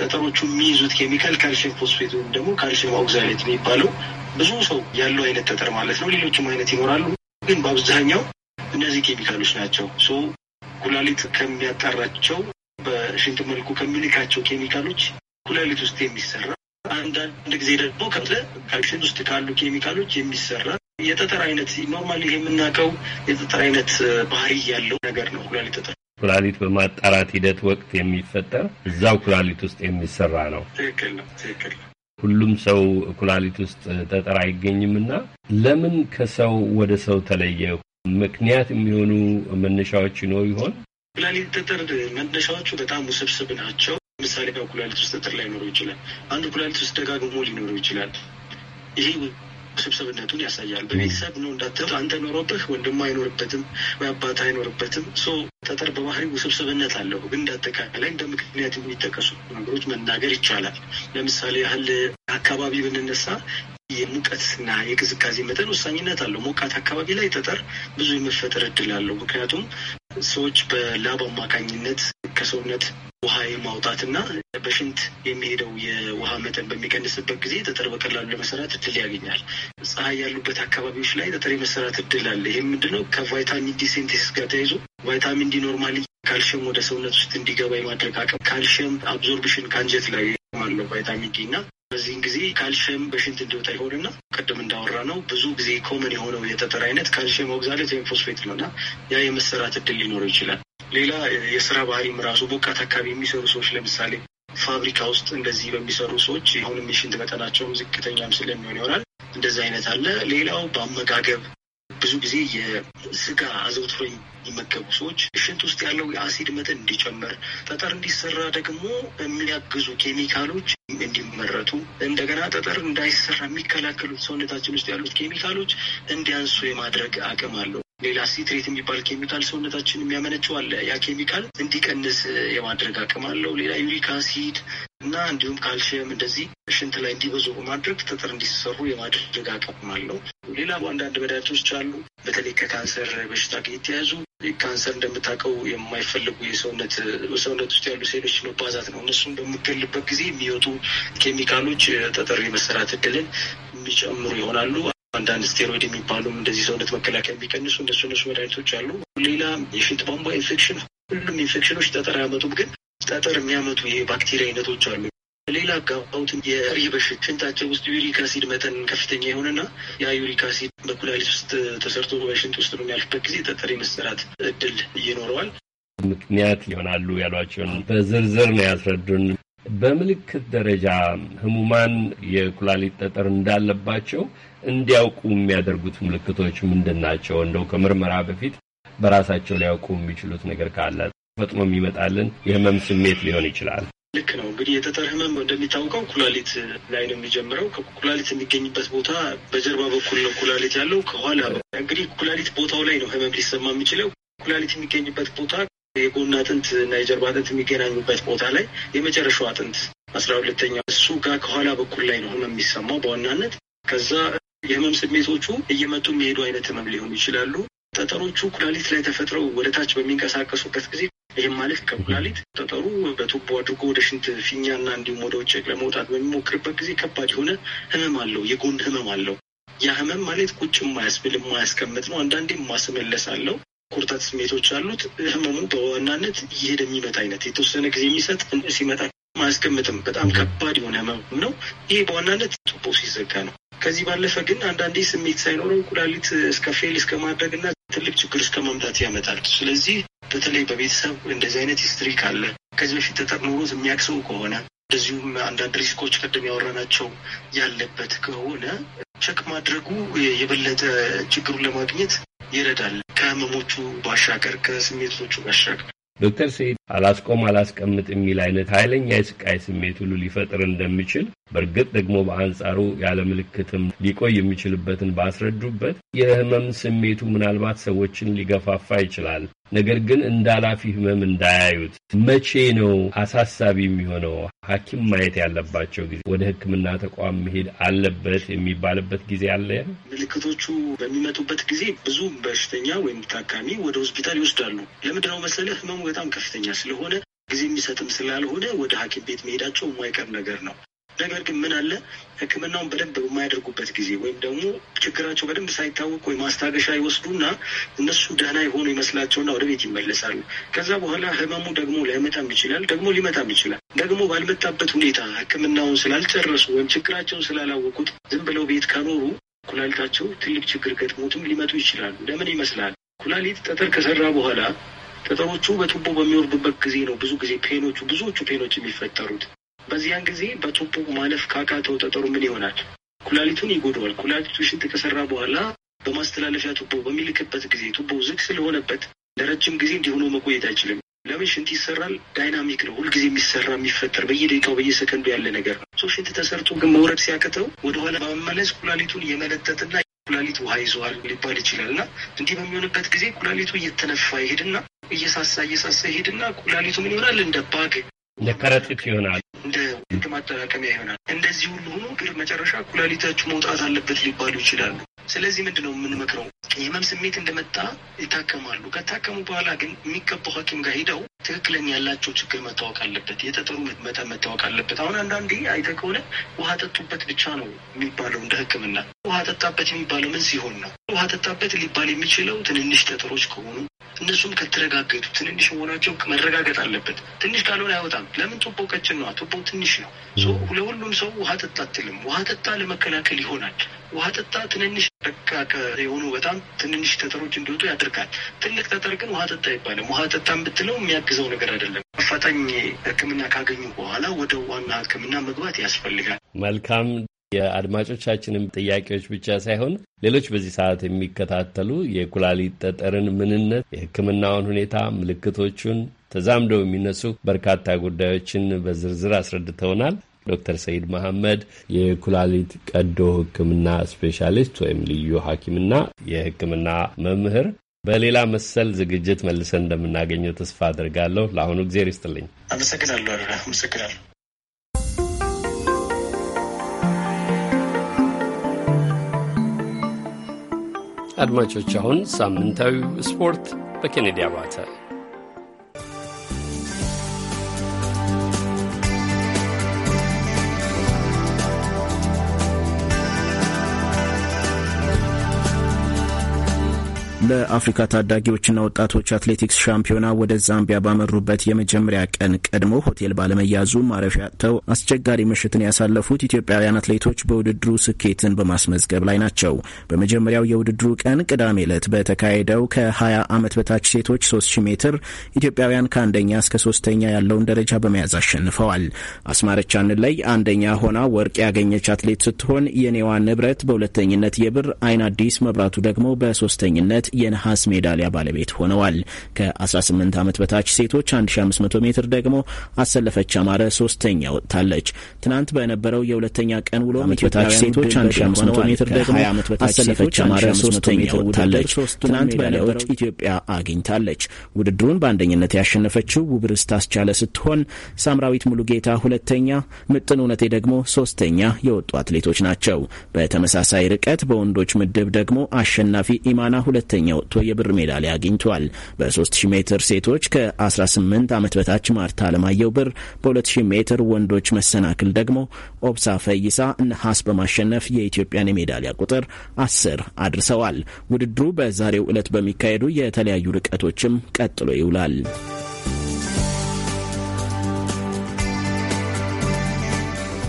ጠጠሮቹ የሚይዙት ኬሚካል ካልሽየም ፎስፌት ወይም ደግሞ ካልሽየም ኦግዛሌት የሚባለው ብዙ ሰው ያለው አይነት ጠጠር ማለት ነው። ሌሎችም አይነት ይኖራሉ፣ ግን በአብዛኛው እነዚህ ኬሚካሎች ናቸው። ሶ ኩላሊት ከሚያጣራቸው በሽንት መልኩ ከሚልካቸው ኬሚካሎች ኩላሊት ውስጥ የሚሰራ አንዳንድ ጊዜ ደግሞ ከለ ካልሽን ውስጥ ካሉ ኬሚካሎች የሚሰራ የጠጠር አይነት ኖርማሊ የምናውቀው የጠጠር አይነት ባህሪ ያለው ነገር ነው ኩላሊት ጠጠር። ኩላሊት በማጣራት ሂደት ወቅት የሚፈጠር እዛው ኩላሊት ውስጥ የሚሰራ ነው። ትክክል ነው። ትክክል ነው። ሁሉም ሰው ኩላሊት ውስጥ ጠጠር አይገኝም እና ለምን ከሰው ወደ ሰው ተለየ? ምክንያት የሚሆኑ መነሻዎች ይኖሩ ይሆን? ኩላሊት ጠጠር መነሻዎቹ በጣም ውስብስብ ናቸው። ምሳሌ ኩላሊት ውስጥ ጠጠር ላይኖረው ይችላል። አንዱ ኩላሊት ውስጥ ደጋግሞ ሊኖረው ይችላል። ይሄ ውስብስብነቱን ያሳያል። በቤተሰብ ነው እንዳትል አንተ ኖሮብህ ወንድሙ አይኖርበትም ወይ አባት አይኖርበትም። ሶ ጠጠር በባህሪ ውስብስብነት አለው። ግን እንዳጠቃላይ እንደ ምክንያት የሚጠቀሱ ነገሮች መናገር ይቻላል። ለምሳሌ ያህል አካባቢ ብንነሳ የሙቀትና የቅዝቃዜ መጠን ወሳኝነት አለው። ሞቃት አካባቢ ላይ ጠጠር ብዙ የመፈጠር እድል አለው። ምክንያቱም ሰዎች በላብ አማካኝነት ከሰውነት ውሃ የማውጣት በሽንት የሚሄደው የውሃ መጠን በሚቀንስበት ጊዜ ጠጠር በቀላሉ ለመሰራት እድል ያገኛል። ፀሐይ ያሉበት አካባቢዎች ላይ ጠጠር የመሰራት እድል አለ። ይህ ምንድነው? ከቫይታሚን ዲ ሴንቴሲስ ጋር ተያይዞ ቫይታሚን ዲ ኖርማሊ ካልሽየም ወደ ሰውነት ውስጥ እንዲገባ የማድረግ አቅም ካልሽየም አብዞርብሽን ከአንጀት ላይ አለው ቫይታሚን ዲ እና በዚህን ጊዜ ካልሽየም በሽንት እንዲወጣ ይሆንና ቅድም እንዳወራ ነው ብዙ ጊዜ ኮመን የሆነው የጠጠር አይነት ካልሽየም ኦግዛሌት ወይም ፎስፌት ነው እና ያ የመሰራት እድል ሊኖረው ይችላል። ሌላ የስራ ባህሪም ራሱ ቦቃት አካባቢ የሚሰሩ ሰዎች ለምሳሌ ፋብሪካ ውስጥ እንደዚህ በሚሰሩ ሰዎች አሁንም የሽንት መጠናቸውም ዝቅተኛም ስለሚሆን ይሆናል። እንደዚህ አይነት አለ። ሌላው በአመጋገብ ብዙ ጊዜ የስጋ አዘውትሮ የሚመገቡ ሰዎች ሽንት ውስጥ ያለው የአሲድ መጠን እንዲጨምር፣ ጠጠር እንዲሰራ ደግሞ የሚያግዙ ኬሚካሎች እንዲመረቱ፣ እንደገና ጠጠር እንዳይሰራ የሚከላከሉት ሰውነታችን ውስጥ ያሉት ኬሚካሎች እንዲያንሱ የማድረግ አቅም አለው። ሌላ ሲትሬት የሚባል ኬሚካል ሰውነታችን የሚያመነጨው አለ። ያ ኬሚካል እንዲቀንስ የማድረግ አቅም አለው። ሌላ ዩሪክ አሲድ እና እንዲሁም ካልሽየም እንደዚህ ሽንት ላይ እንዲበዙ በማድረግ ጠጠር እንዲሰሩ የማድረግ አቅም አለው። ሌላ አንዳንድ መድኃኒቶች አሉ። በተለይ ከካንሰር በሽታ ጋር የተያዙ ካንሰር እንደምታውቀው የማይፈልጉ የሰውነት ሰውነት ውስጥ ያሉ ሴሎች መባዛት ነው። እነሱን በምገልበት ጊዜ የሚወጡ ኬሚካሎች ጠጠር የመሰራት እድልን የሚጨምሩ ይሆናሉ። አንዳንድ ስቴሮይድ የሚባሉ እንደዚህ ሰውነት መከላከያ የሚቀንሱ እነሱ እነሱ መድኃኒቶች አሉ። ሌላ የሽንት ቧንቧ ኢንፌክሽን ሁሉም ኢንፌክሽኖች ጠጠር አያመጡም፣ ግን ጠጠር የሚያመጡ የባክቴሪያ አይነቶች አሉ። ሌላ ጋውት የሪ በሽታ ሽንታቸው ውስጥ ዩሪክ አሲድ መጠን ከፍተኛ የሆነና ያ ዩሪክ አሲድ በኩላሊት ውስጥ ተሰርቶ በሽንት ውስጥ በሚያልፍበት ጊዜ ጠጠር የመሰራት እድል ይኖረዋል። ምክንያት ይሆናሉ ያሏቸውን በዝርዝር ነው ያስረዱን። በምልክት ደረጃ ህሙማን የኩላሊት ጠጠር እንዳለባቸው እንዲያውቁ የሚያደርጉት ምልክቶች ምንድን ናቸው? እንደው ከምርመራ በፊት በራሳቸው ሊያውቁ የሚችሉት ነገር ካለ ፈጥኖ የሚመጣልን የህመም ስሜት ሊሆን ይችላል። ልክ ነው እንግዲህ የጠጠር ህመም እንደሚታወቀው ኩላሊት ላይ ነው የሚጀምረው። ኩላሊት የሚገኝበት ቦታ በጀርባ በኩል ነው ኩላሊት ያለው ከኋላ እንግዲህ ኩላሊት ቦታው ላይ ነው ህመም ሊሰማ የሚችለው። ኩላሊት የሚገኝበት ቦታ የጎን አጥንት እና የጀርባ አጥንት የሚገናኙበት ቦታ ላይ የመጨረሻው አጥንት አስራ ሁለተኛ እሱ ጋር ከኋላ በኩል ላይ ነው ህመም የሚሰማው በዋናነት ከዛ የህመም ስሜቶቹ እየመጡ የሚሄዱ አይነት ህመም ሊሆኑ ይችላሉ። ጠጠሮቹ ኩላሊት ላይ ተፈጥረው ወደ ታች በሚንቀሳቀሱበት ጊዜ ይህም ማለት ከኩላሊት ጠጠሩ በቱቦ አድርጎ ወደ ሽንት ፊኛና እንዲሁም ወደ ውጭ ለመውጣት በሚሞክርበት ጊዜ ከባድ የሆነ ህመም አለው፣ የጎን ህመም አለው። ያ ህመም ማለት ቁጭ የማያስብል የማያስቀምጥ ነው። አንዳንዴ ማስመለስ አለው። ኩርታት ስሜቶች አሉት። ህመሙ በዋናነት እየሄደ የሚመጣ አይነት የተወሰነ ጊዜ የሚሰጥ ሲመጣ ማያስቀምጥም። በጣም ከባድ የሆነ ህመም ነው። ይሄ በዋናነት ቱቦ ሲዘጋ ነው። ከዚህ ባለፈ ግን አንዳንዴ ስሜት ሳይኖረው ኩላሊት እስከ ፌል እስከ ማድረግ እና ትልቅ ችግር እስከ መምጣት ያመጣል። ስለዚህ በተለይ በቤተሰብ እንደዚህ አይነት ሂስትሪ ካለ ከዚህ በፊት ተጠቅሞት የሚያቅሰው ከሆነ እንደዚሁም አንዳንድ ሪስኮች ቅድም ያወራናቸው ያለበት ከሆነ ቸክ ማድረጉ የበለጠ ችግሩን ለማግኘት ይረዳል። ከህመሞቹ ባሻገር ከስሜቶቹ ባሻገር ዶክተር ሰይድ አላስቆም አላስቀምጥ የሚል አይነት ኃይለኛ የስቃይ ስሜት ሁሉ ሊፈጥር እንደሚችል በእርግጥ ደግሞ በአንጻሩ ያለ ምልክትም ሊቆይ የሚችልበትን ባስረዱበት የህመም ስሜቱ ምናልባት ሰዎችን ሊገፋፋ ይችላል። ነገር ግን እንደ ኃላፊ ህመም እንዳያዩት። መቼ ነው አሳሳቢ የሚሆነው? ሐኪም ማየት ያለባቸው ጊዜ ወደ ሕክምና ተቋም መሄድ አለበት የሚባልበት ጊዜ አለ። ምልክቶቹ በሚመጡበት ጊዜ ብዙ በሽተኛ ወይም ታካሚ ወደ ሆስፒታል ይወስዳሉ። ለምንድነው መሰለ ህመሙ በጣም ከፍተኛ ስለሆነ ጊዜ የሚሰጥም ስላልሆነ ወደ ሐኪም ቤት መሄዳቸው የማይቀር ነገር ነው። ነገር ግን ምን አለ ህክምናውን በደንብ በማያደርጉበት ጊዜ ወይም ደግሞ ችግራቸው በደንብ ሳይታወቅ ወይ ማስታገሻ ይወስዱና እነሱ ደህና የሆኑ ይመስላቸውና ወደ ቤት ይመለሳሉ። ከዛ በኋላ ህመሙ ደግሞ ላይመጣም ይችላል፣ ደግሞ ሊመጣም ይችላል። ደግሞ ባልመጣበት ሁኔታ ህክምናውን ስላልጨረሱ ወይም ችግራቸውን ስላላወቁት ዝም ብለው ቤት ከኖሩ ኩላሊታቸው ትልቅ ችግር ገጥሞትም ሊመጡ ይችላሉ። ለምን ይመስላል? ኩላሊት ጠጠር ከሰራ በኋላ ጠጠሮቹ በቱቦ በሚወርዱበት ጊዜ ነው ብዙ ጊዜ ፔኖቹ ብዙዎቹ ፔኖች የሚፈጠሩት በዚያን ጊዜ በቱቦ ማለፍ ካቃተው ጠጠሩ ምን ይሆናል? ኩላሊቱን ይጎደዋል። ኩላሊቱ ሽንት ከሰራ በኋላ በማስተላለፊያ ቱቦ በሚልክበት ጊዜ ቱቦ ዝግ ስለሆነበት ለረጅም ጊዜ እንዲሆኖ መቆየት አይችልም። ለምን ሽንት ይሰራል? ዳይናሚክ ነው። ሁልጊዜ የሚሰራ የሚፈጠር በየደቂቃው በየሰከንዱ ያለ ነገር ነው። ሰው ሽንት ተሰርቶ ግን መውረድ ሲያቅተው ወደኋላ በመመለስ ኩላሊቱን የመለጠትና ኩላሊት ውሃ ይዘዋል ሊባል ይችላል። እና እንዲህ በሚሆንበት ጊዜ ኩላሊቱ እየተነፋ ይሄድና እየሳሳ እየሳሳ ይሄድና ኩላሊቱ ምን ይሆናል? እንደ ባግ ለከረጢት ይሆናል፣ እንደ ህግ ማጠራቀሚያ ይሆናል። እንደዚህ ሁሉ ሆኖ ግን መጨረሻ ኩላሊታችሁ መውጣት አለበት ሊባሉ ይችላሉ። ስለዚህ ምንድን ነው የምንመክረው? የህመም ስሜት እንደመጣ ይታከማሉ። ከታከሙ በኋላ ግን የሚገባው ሐኪም ጋር ሄደው ትክክለኛ ያላቸው ችግር መታወቅ አለበት። የጠጠሩ መጠን መታወቅ አለበት። አሁን አንዳንዴ አይተ ከሆነ ውሃ ጠጡበት ብቻ ነው የሚባለው እንደ ህክምና። ውሃ ጠጣበት የሚባለው ምን ሲሆን ነው? ውሃ ጠጣበት ሊባል የሚችለው ትንንሽ ጠጠሮች ከሆኑ እነሱም ከተረጋገጡ ትንንሽ መሆናቸው መረጋገጥ አለበት። ትንሽ ካልሆነ አይወጣም። ለምን ቱቦ ነው? ቶቦ ቱቦ ትንሽ ነው። ለሁሉም ሰው ውሃ ጠጣ አትልም። ውሃ ጠጣ ለመከላከል ይሆናል። ውሃ ጠጣ ትንንሽ ረቃቀ የሆኑ በጣም ትንንሽ ጠጠሮች እንዲወጡ ያደርጋል። ትልቅ ጠጠር ግን ውሃ ጠጣ አይባልም። ውሃ ጠጣ ብትለው የሚያግዘው ነገር አይደለም። አፋጣኝ ሕክምና ካገኙ በኋላ ወደ ዋና ሕክምና መግባት ያስፈልጋል። መልካም የአድማጮቻችንም ጥያቄዎች ብቻ ሳይሆን ሌሎች በዚህ ሰዓት የሚከታተሉ የኩላሊት ጠጠርን ምንነት፣ የሕክምናውን ሁኔታ፣ ምልክቶቹን ተዛምደው የሚነሱ በርካታ ጉዳዮችን በዝርዝር አስረድተውናል። ዶክተር ሰይድ መሐመድ የኩላሊት ቀዶ ሕክምና ስፔሻሊስት ወይም ልዩ ሐኪምና የሕክምና መምህር በሌላ መሰል ዝግጅት መልሰን እንደምናገኘው ተስፋ አድርጋለሁ። ለአሁኑ ጊዜ ይስጥልኝ። አመሰግናለሁ። አመሰግናለሁ። አድማጮች፣ አሁን ሳምንታዊ ስፖርት በኬኔዲ አባተ ለአፍሪካ ታዳጊዎችና ወጣቶች አትሌቲክስ ሻምፒዮና ወደ ዛምቢያ ባመሩበት የመጀመሪያ ቀን ቀድሞ ሆቴል ባለመያዙ ማረፊያ አጥተው አስቸጋሪ ምሽትን ያሳለፉት ኢትዮጵያውያን አትሌቶች በውድድሩ ስኬትን በማስመዝገብ ላይ ናቸው። በመጀመሪያው የውድድሩ ቀን ቅዳሜ ዕለት በተካሄደው ከ20 ዓመት በታች ሴቶች 3000 ሜትር ኢትዮጵያውያን ከአንደኛ እስከ ሶስተኛ ያለውን ደረጃ በመያዝ አሸንፈዋል። አስማረቻን ላይ አንደኛ ሆና ወርቅ ያገኘች አትሌት ስትሆን የኔዋ ንብረት በሁለተኝነት የብር አይን አዲስ መብራቱ ደግሞ በሶስተኝነት የነሐስ ሜዳሊያ ባለቤት ሆነዋል። ከ18 ዓመት በታች ሴቶች 1500 ሜትር ደግሞ አሰለፈች አማረ ሶስተኛ ወጥታለች። ትናንት በነበረው የሁለተኛ ቀን ውሎ በታች ሴቶች 1500 ሜትር ደግሞ አሰለፈች አማረ ሶስተኛ ወጥታለች። ትናንት ሜዳሊያዎች ኢትዮጵያ አግኝታለች። ውድድሩን በአንደኝነት ያሸነፈችው ውብርስት አስቻለ ስትሆን ሳምራዊት ሙሉጌታ ሁለተኛ፣ ምጥን እውነቴ ደግሞ ሶስተኛ የወጡ አትሌቶች ናቸው። በተመሳሳይ ርቀት በወንዶች ምድብ ደግሞ አሸናፊ ኢማና ሁለተኛ ወጥቶ የብር ሜዳሊያ አግኝቷል። በ3000 ሜትር ሴቶች ከ18 ዓመት በታች ማርታ አለማየሁ ብር፣ በ2000 ሜትር ወንዶች መሰናክል ደግሞ ኦብሳ ፈይሳ ነሐስ በማሸነፍ የኢትዮጵያን የሜዳሊያ ቁጥር 10 አድርሰዋል። ውድድሩ በዛሬው ዕለት በሚካሄዱ የተለያዩ ርቀቶችም ቀጥሎ ይውላል።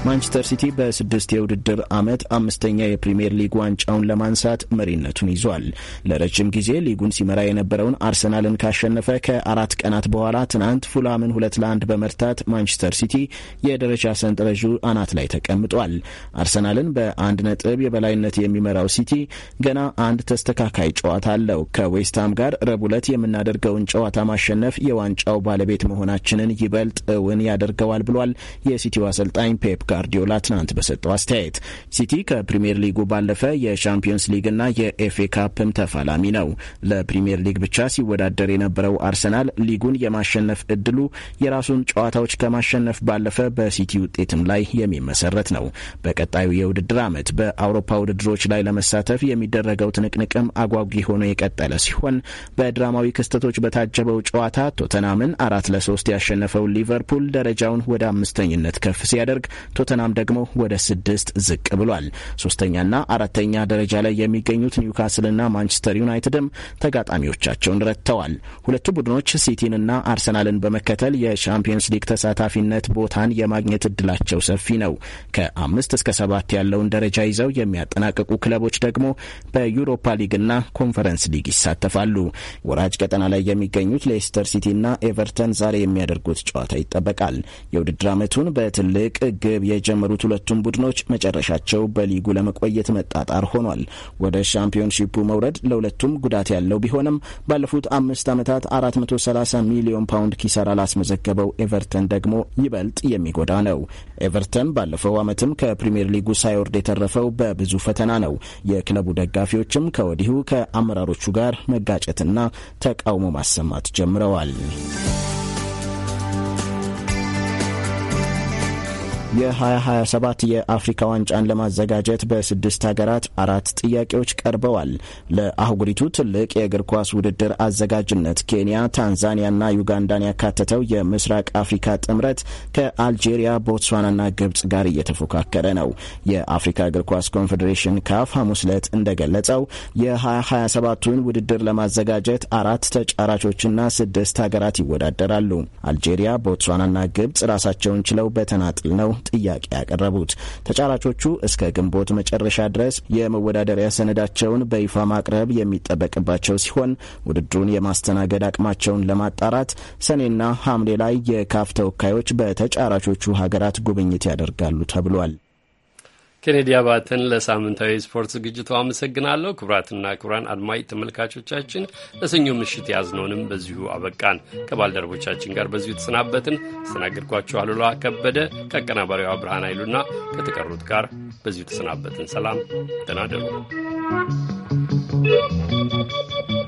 ማንቸስተር ሲቲ በስድስት የውድድር ዓመት አምስተኛ የፕሪምየር ሊግ ዋንጫውን ለማንሳት መሪነቱን ይዟል። ለረጅም ጊዜ ሊጉን ሲመራ የነበረውን አርሰናልን ካሸነፈ ከአራት ቀናት በኋላ ትናንት ፉላምን ሁለት ለአንድ በመርታት ማንቸስተር ሲቲ የደረጃ ሰንጠረዡ አናት ላይ ተቀምጧል። አርሰናልን በአንድ ነጥብ የበላይነት የሚመራው ሲቲ ገና አንድ ተስተካካይ ጨዋታ አለው። ከዌስትሃም ጋር ረቡዕ ዕለት የምናደርገውን ጨዋታ ማሸነፍ የዋንጫው ባለቤት መሆናችንን ይበልጥ እውን ያደርገዋል ብሏል የሲቲው አሰልጣኝ ፔፕ ጋርዲዮላ ትናንት በሰጠው አስተያየት ሲቲ ከፕሪምየር ሊጉ ባለፈ የሻምፒዮንስ ሊግና የኤፍኤ ካፕም ተፋላሚ ነው። ለፕሪምየር ሊግ ብቻ ሲወዳደር የነበረው አርሰናል ሊጉን የማሸነፍ እድሉ የራሱን ጨዋታዎች ከማሸነፍ ባለፈ በሲቲ ውጤትም ላይ የሚመሰረት ነው። በቀጣዩ የውድድር ዓመት በአውሮፓ ውድድሮች ላይ ለመሳተፍ የሚደረገው ትንቅንቅም አጓጊ ሆኖ የቀጠለ ሲሆን በድራማዊ ክስተቶች በታጀበው ጨዋታ ቶተናምን አራት ለሶስት ያሸነፈው ሊቨርፑል ደረጃውን ወደ አምስተኝነት ከፍ ሲያደርግ ቶተናም ደግሞ ወደ ስድስት ዝቅ ብሏል። ሶስተኛና አራተኛ ደረጃ ላይ የሚገኙት ኒውካስልና ማንቸስተር ዩናይትድም ተጋጣሚዎቻቸውን ረድተዋል። ሁለቱ ቡድኖች ሲቲንና አርሰናልን በመከተል የሻምፒየንስ ሊግ ተሳታፊነት ቦታን የማግኘት እድላቸው ሰፊ ነው። ከአምስት እስከ ሰባት ያለውን ደረጃ ይዘው የሚያጠናቅቁ ክለቦች ደግሞ በዩሮፓ ሊግና ኮንፈረንስ ሊግ ይሳተፋሉ። ወራጅ ቀጠና ላይ የሚገኙት ሌስተር ሲቲና ኤቨርተን ዛሬ የሚያደርጉት ጨዋታ ይጠበቃል። የውድድር ዓመቱን በትልቅ ግብ የጀመሩት ሁለቱም ቡድኖች መጨረሻቸው በሊጉ ለመቆየት መጣጣር ሆኗል። ወደ ሻምፒዮንሺፑ መውረድ ለሁለቱም ጉዳት ያለው ቢሆንም ባለፉት አምስት ዓመታት 430 ሚሊዮን ፓውንድ ኪሳራ ላስመዘገበው ኤቨርተን ደግሞ ይበልጥ የሚጎዳ ነው። ኤቨርተን ባለፈው ዓመትም ከፕሪምየር ሊጉ ሳይወርድ የተረፈው በብዙ ፈተና ነው። የክለቡ ደጋፊዎችም ከወዲሁ ከአመራሮቹ ጋር መጋጨትና ተቃውሞ ማሰማት ጀምረዋል። የ2027 የአፍሪካ ዋንጫን ለማዘጋጀት በስድስት ሀገራት አራት ጥያቄዎች ቀርበዋል። ለአህጉሪቱ ትልቅ የእግር ኳስ ውድድር አዘጋጅነት ኬንያ፣ ታንዛኒያና ዩጋንዳን ያካተተው የምስራቅ አፍሪካ ጥምረት ከአልጄሪያ፣ ቦትስዋናና ግብጽ ጋር እየተፎካከረ ነው። የአፍሪካ እግር ኳስ ኮንፌዴሬሽን ካፍ ሐሙስ ዕለት እንደገለጸው የ2027ቱን ውድድር ለማዘጋጀት አራት ተጫራቾችና ስድስት ሀገራት ይወዳደራሉ። አልጄሪያ፣ ቦትስዋናና ግብጽ ራሳቸውን ችለው በተናጥል ነው ጥያቄ ያቀረቡት። ተጫራቾቹ እስከ ግንቦት መጨረሻ ድረስ የመወዳደሪያ ሰነዳቸውን በይፋ ማቅረብ የሚጠበቅባቸው ሲሆን ውድድሩን የማስተናገድ አቅማቸውን ለማጣራት ሰኔና ሐምሌ ላይ የካፍ ተወካዮች በተጫራቾቹ ሀገራት ጉብኝት ያደርጋሉ ተብሏል። ኬኔዲ አባተን ለሳምንታዊ ስፖርት ዝግጅቱ አመሰግናለሁ። ክቡራትና ክቡራን አድማጭ ተመልካቾቻችን ለሰኞ ምሽት ያዝነውንም በዚሁ አበቃን። ከባልደረቦቻችን ጋር በዚሁ ተሰናበትን። አስተናግድኳችሁ አሉላ ከበደ ከአቀናባሪዋ ብርሃን ኃይሉና ከተቀሩት ጋር በዚሁ ተሰናበትን። ሰላም ደህና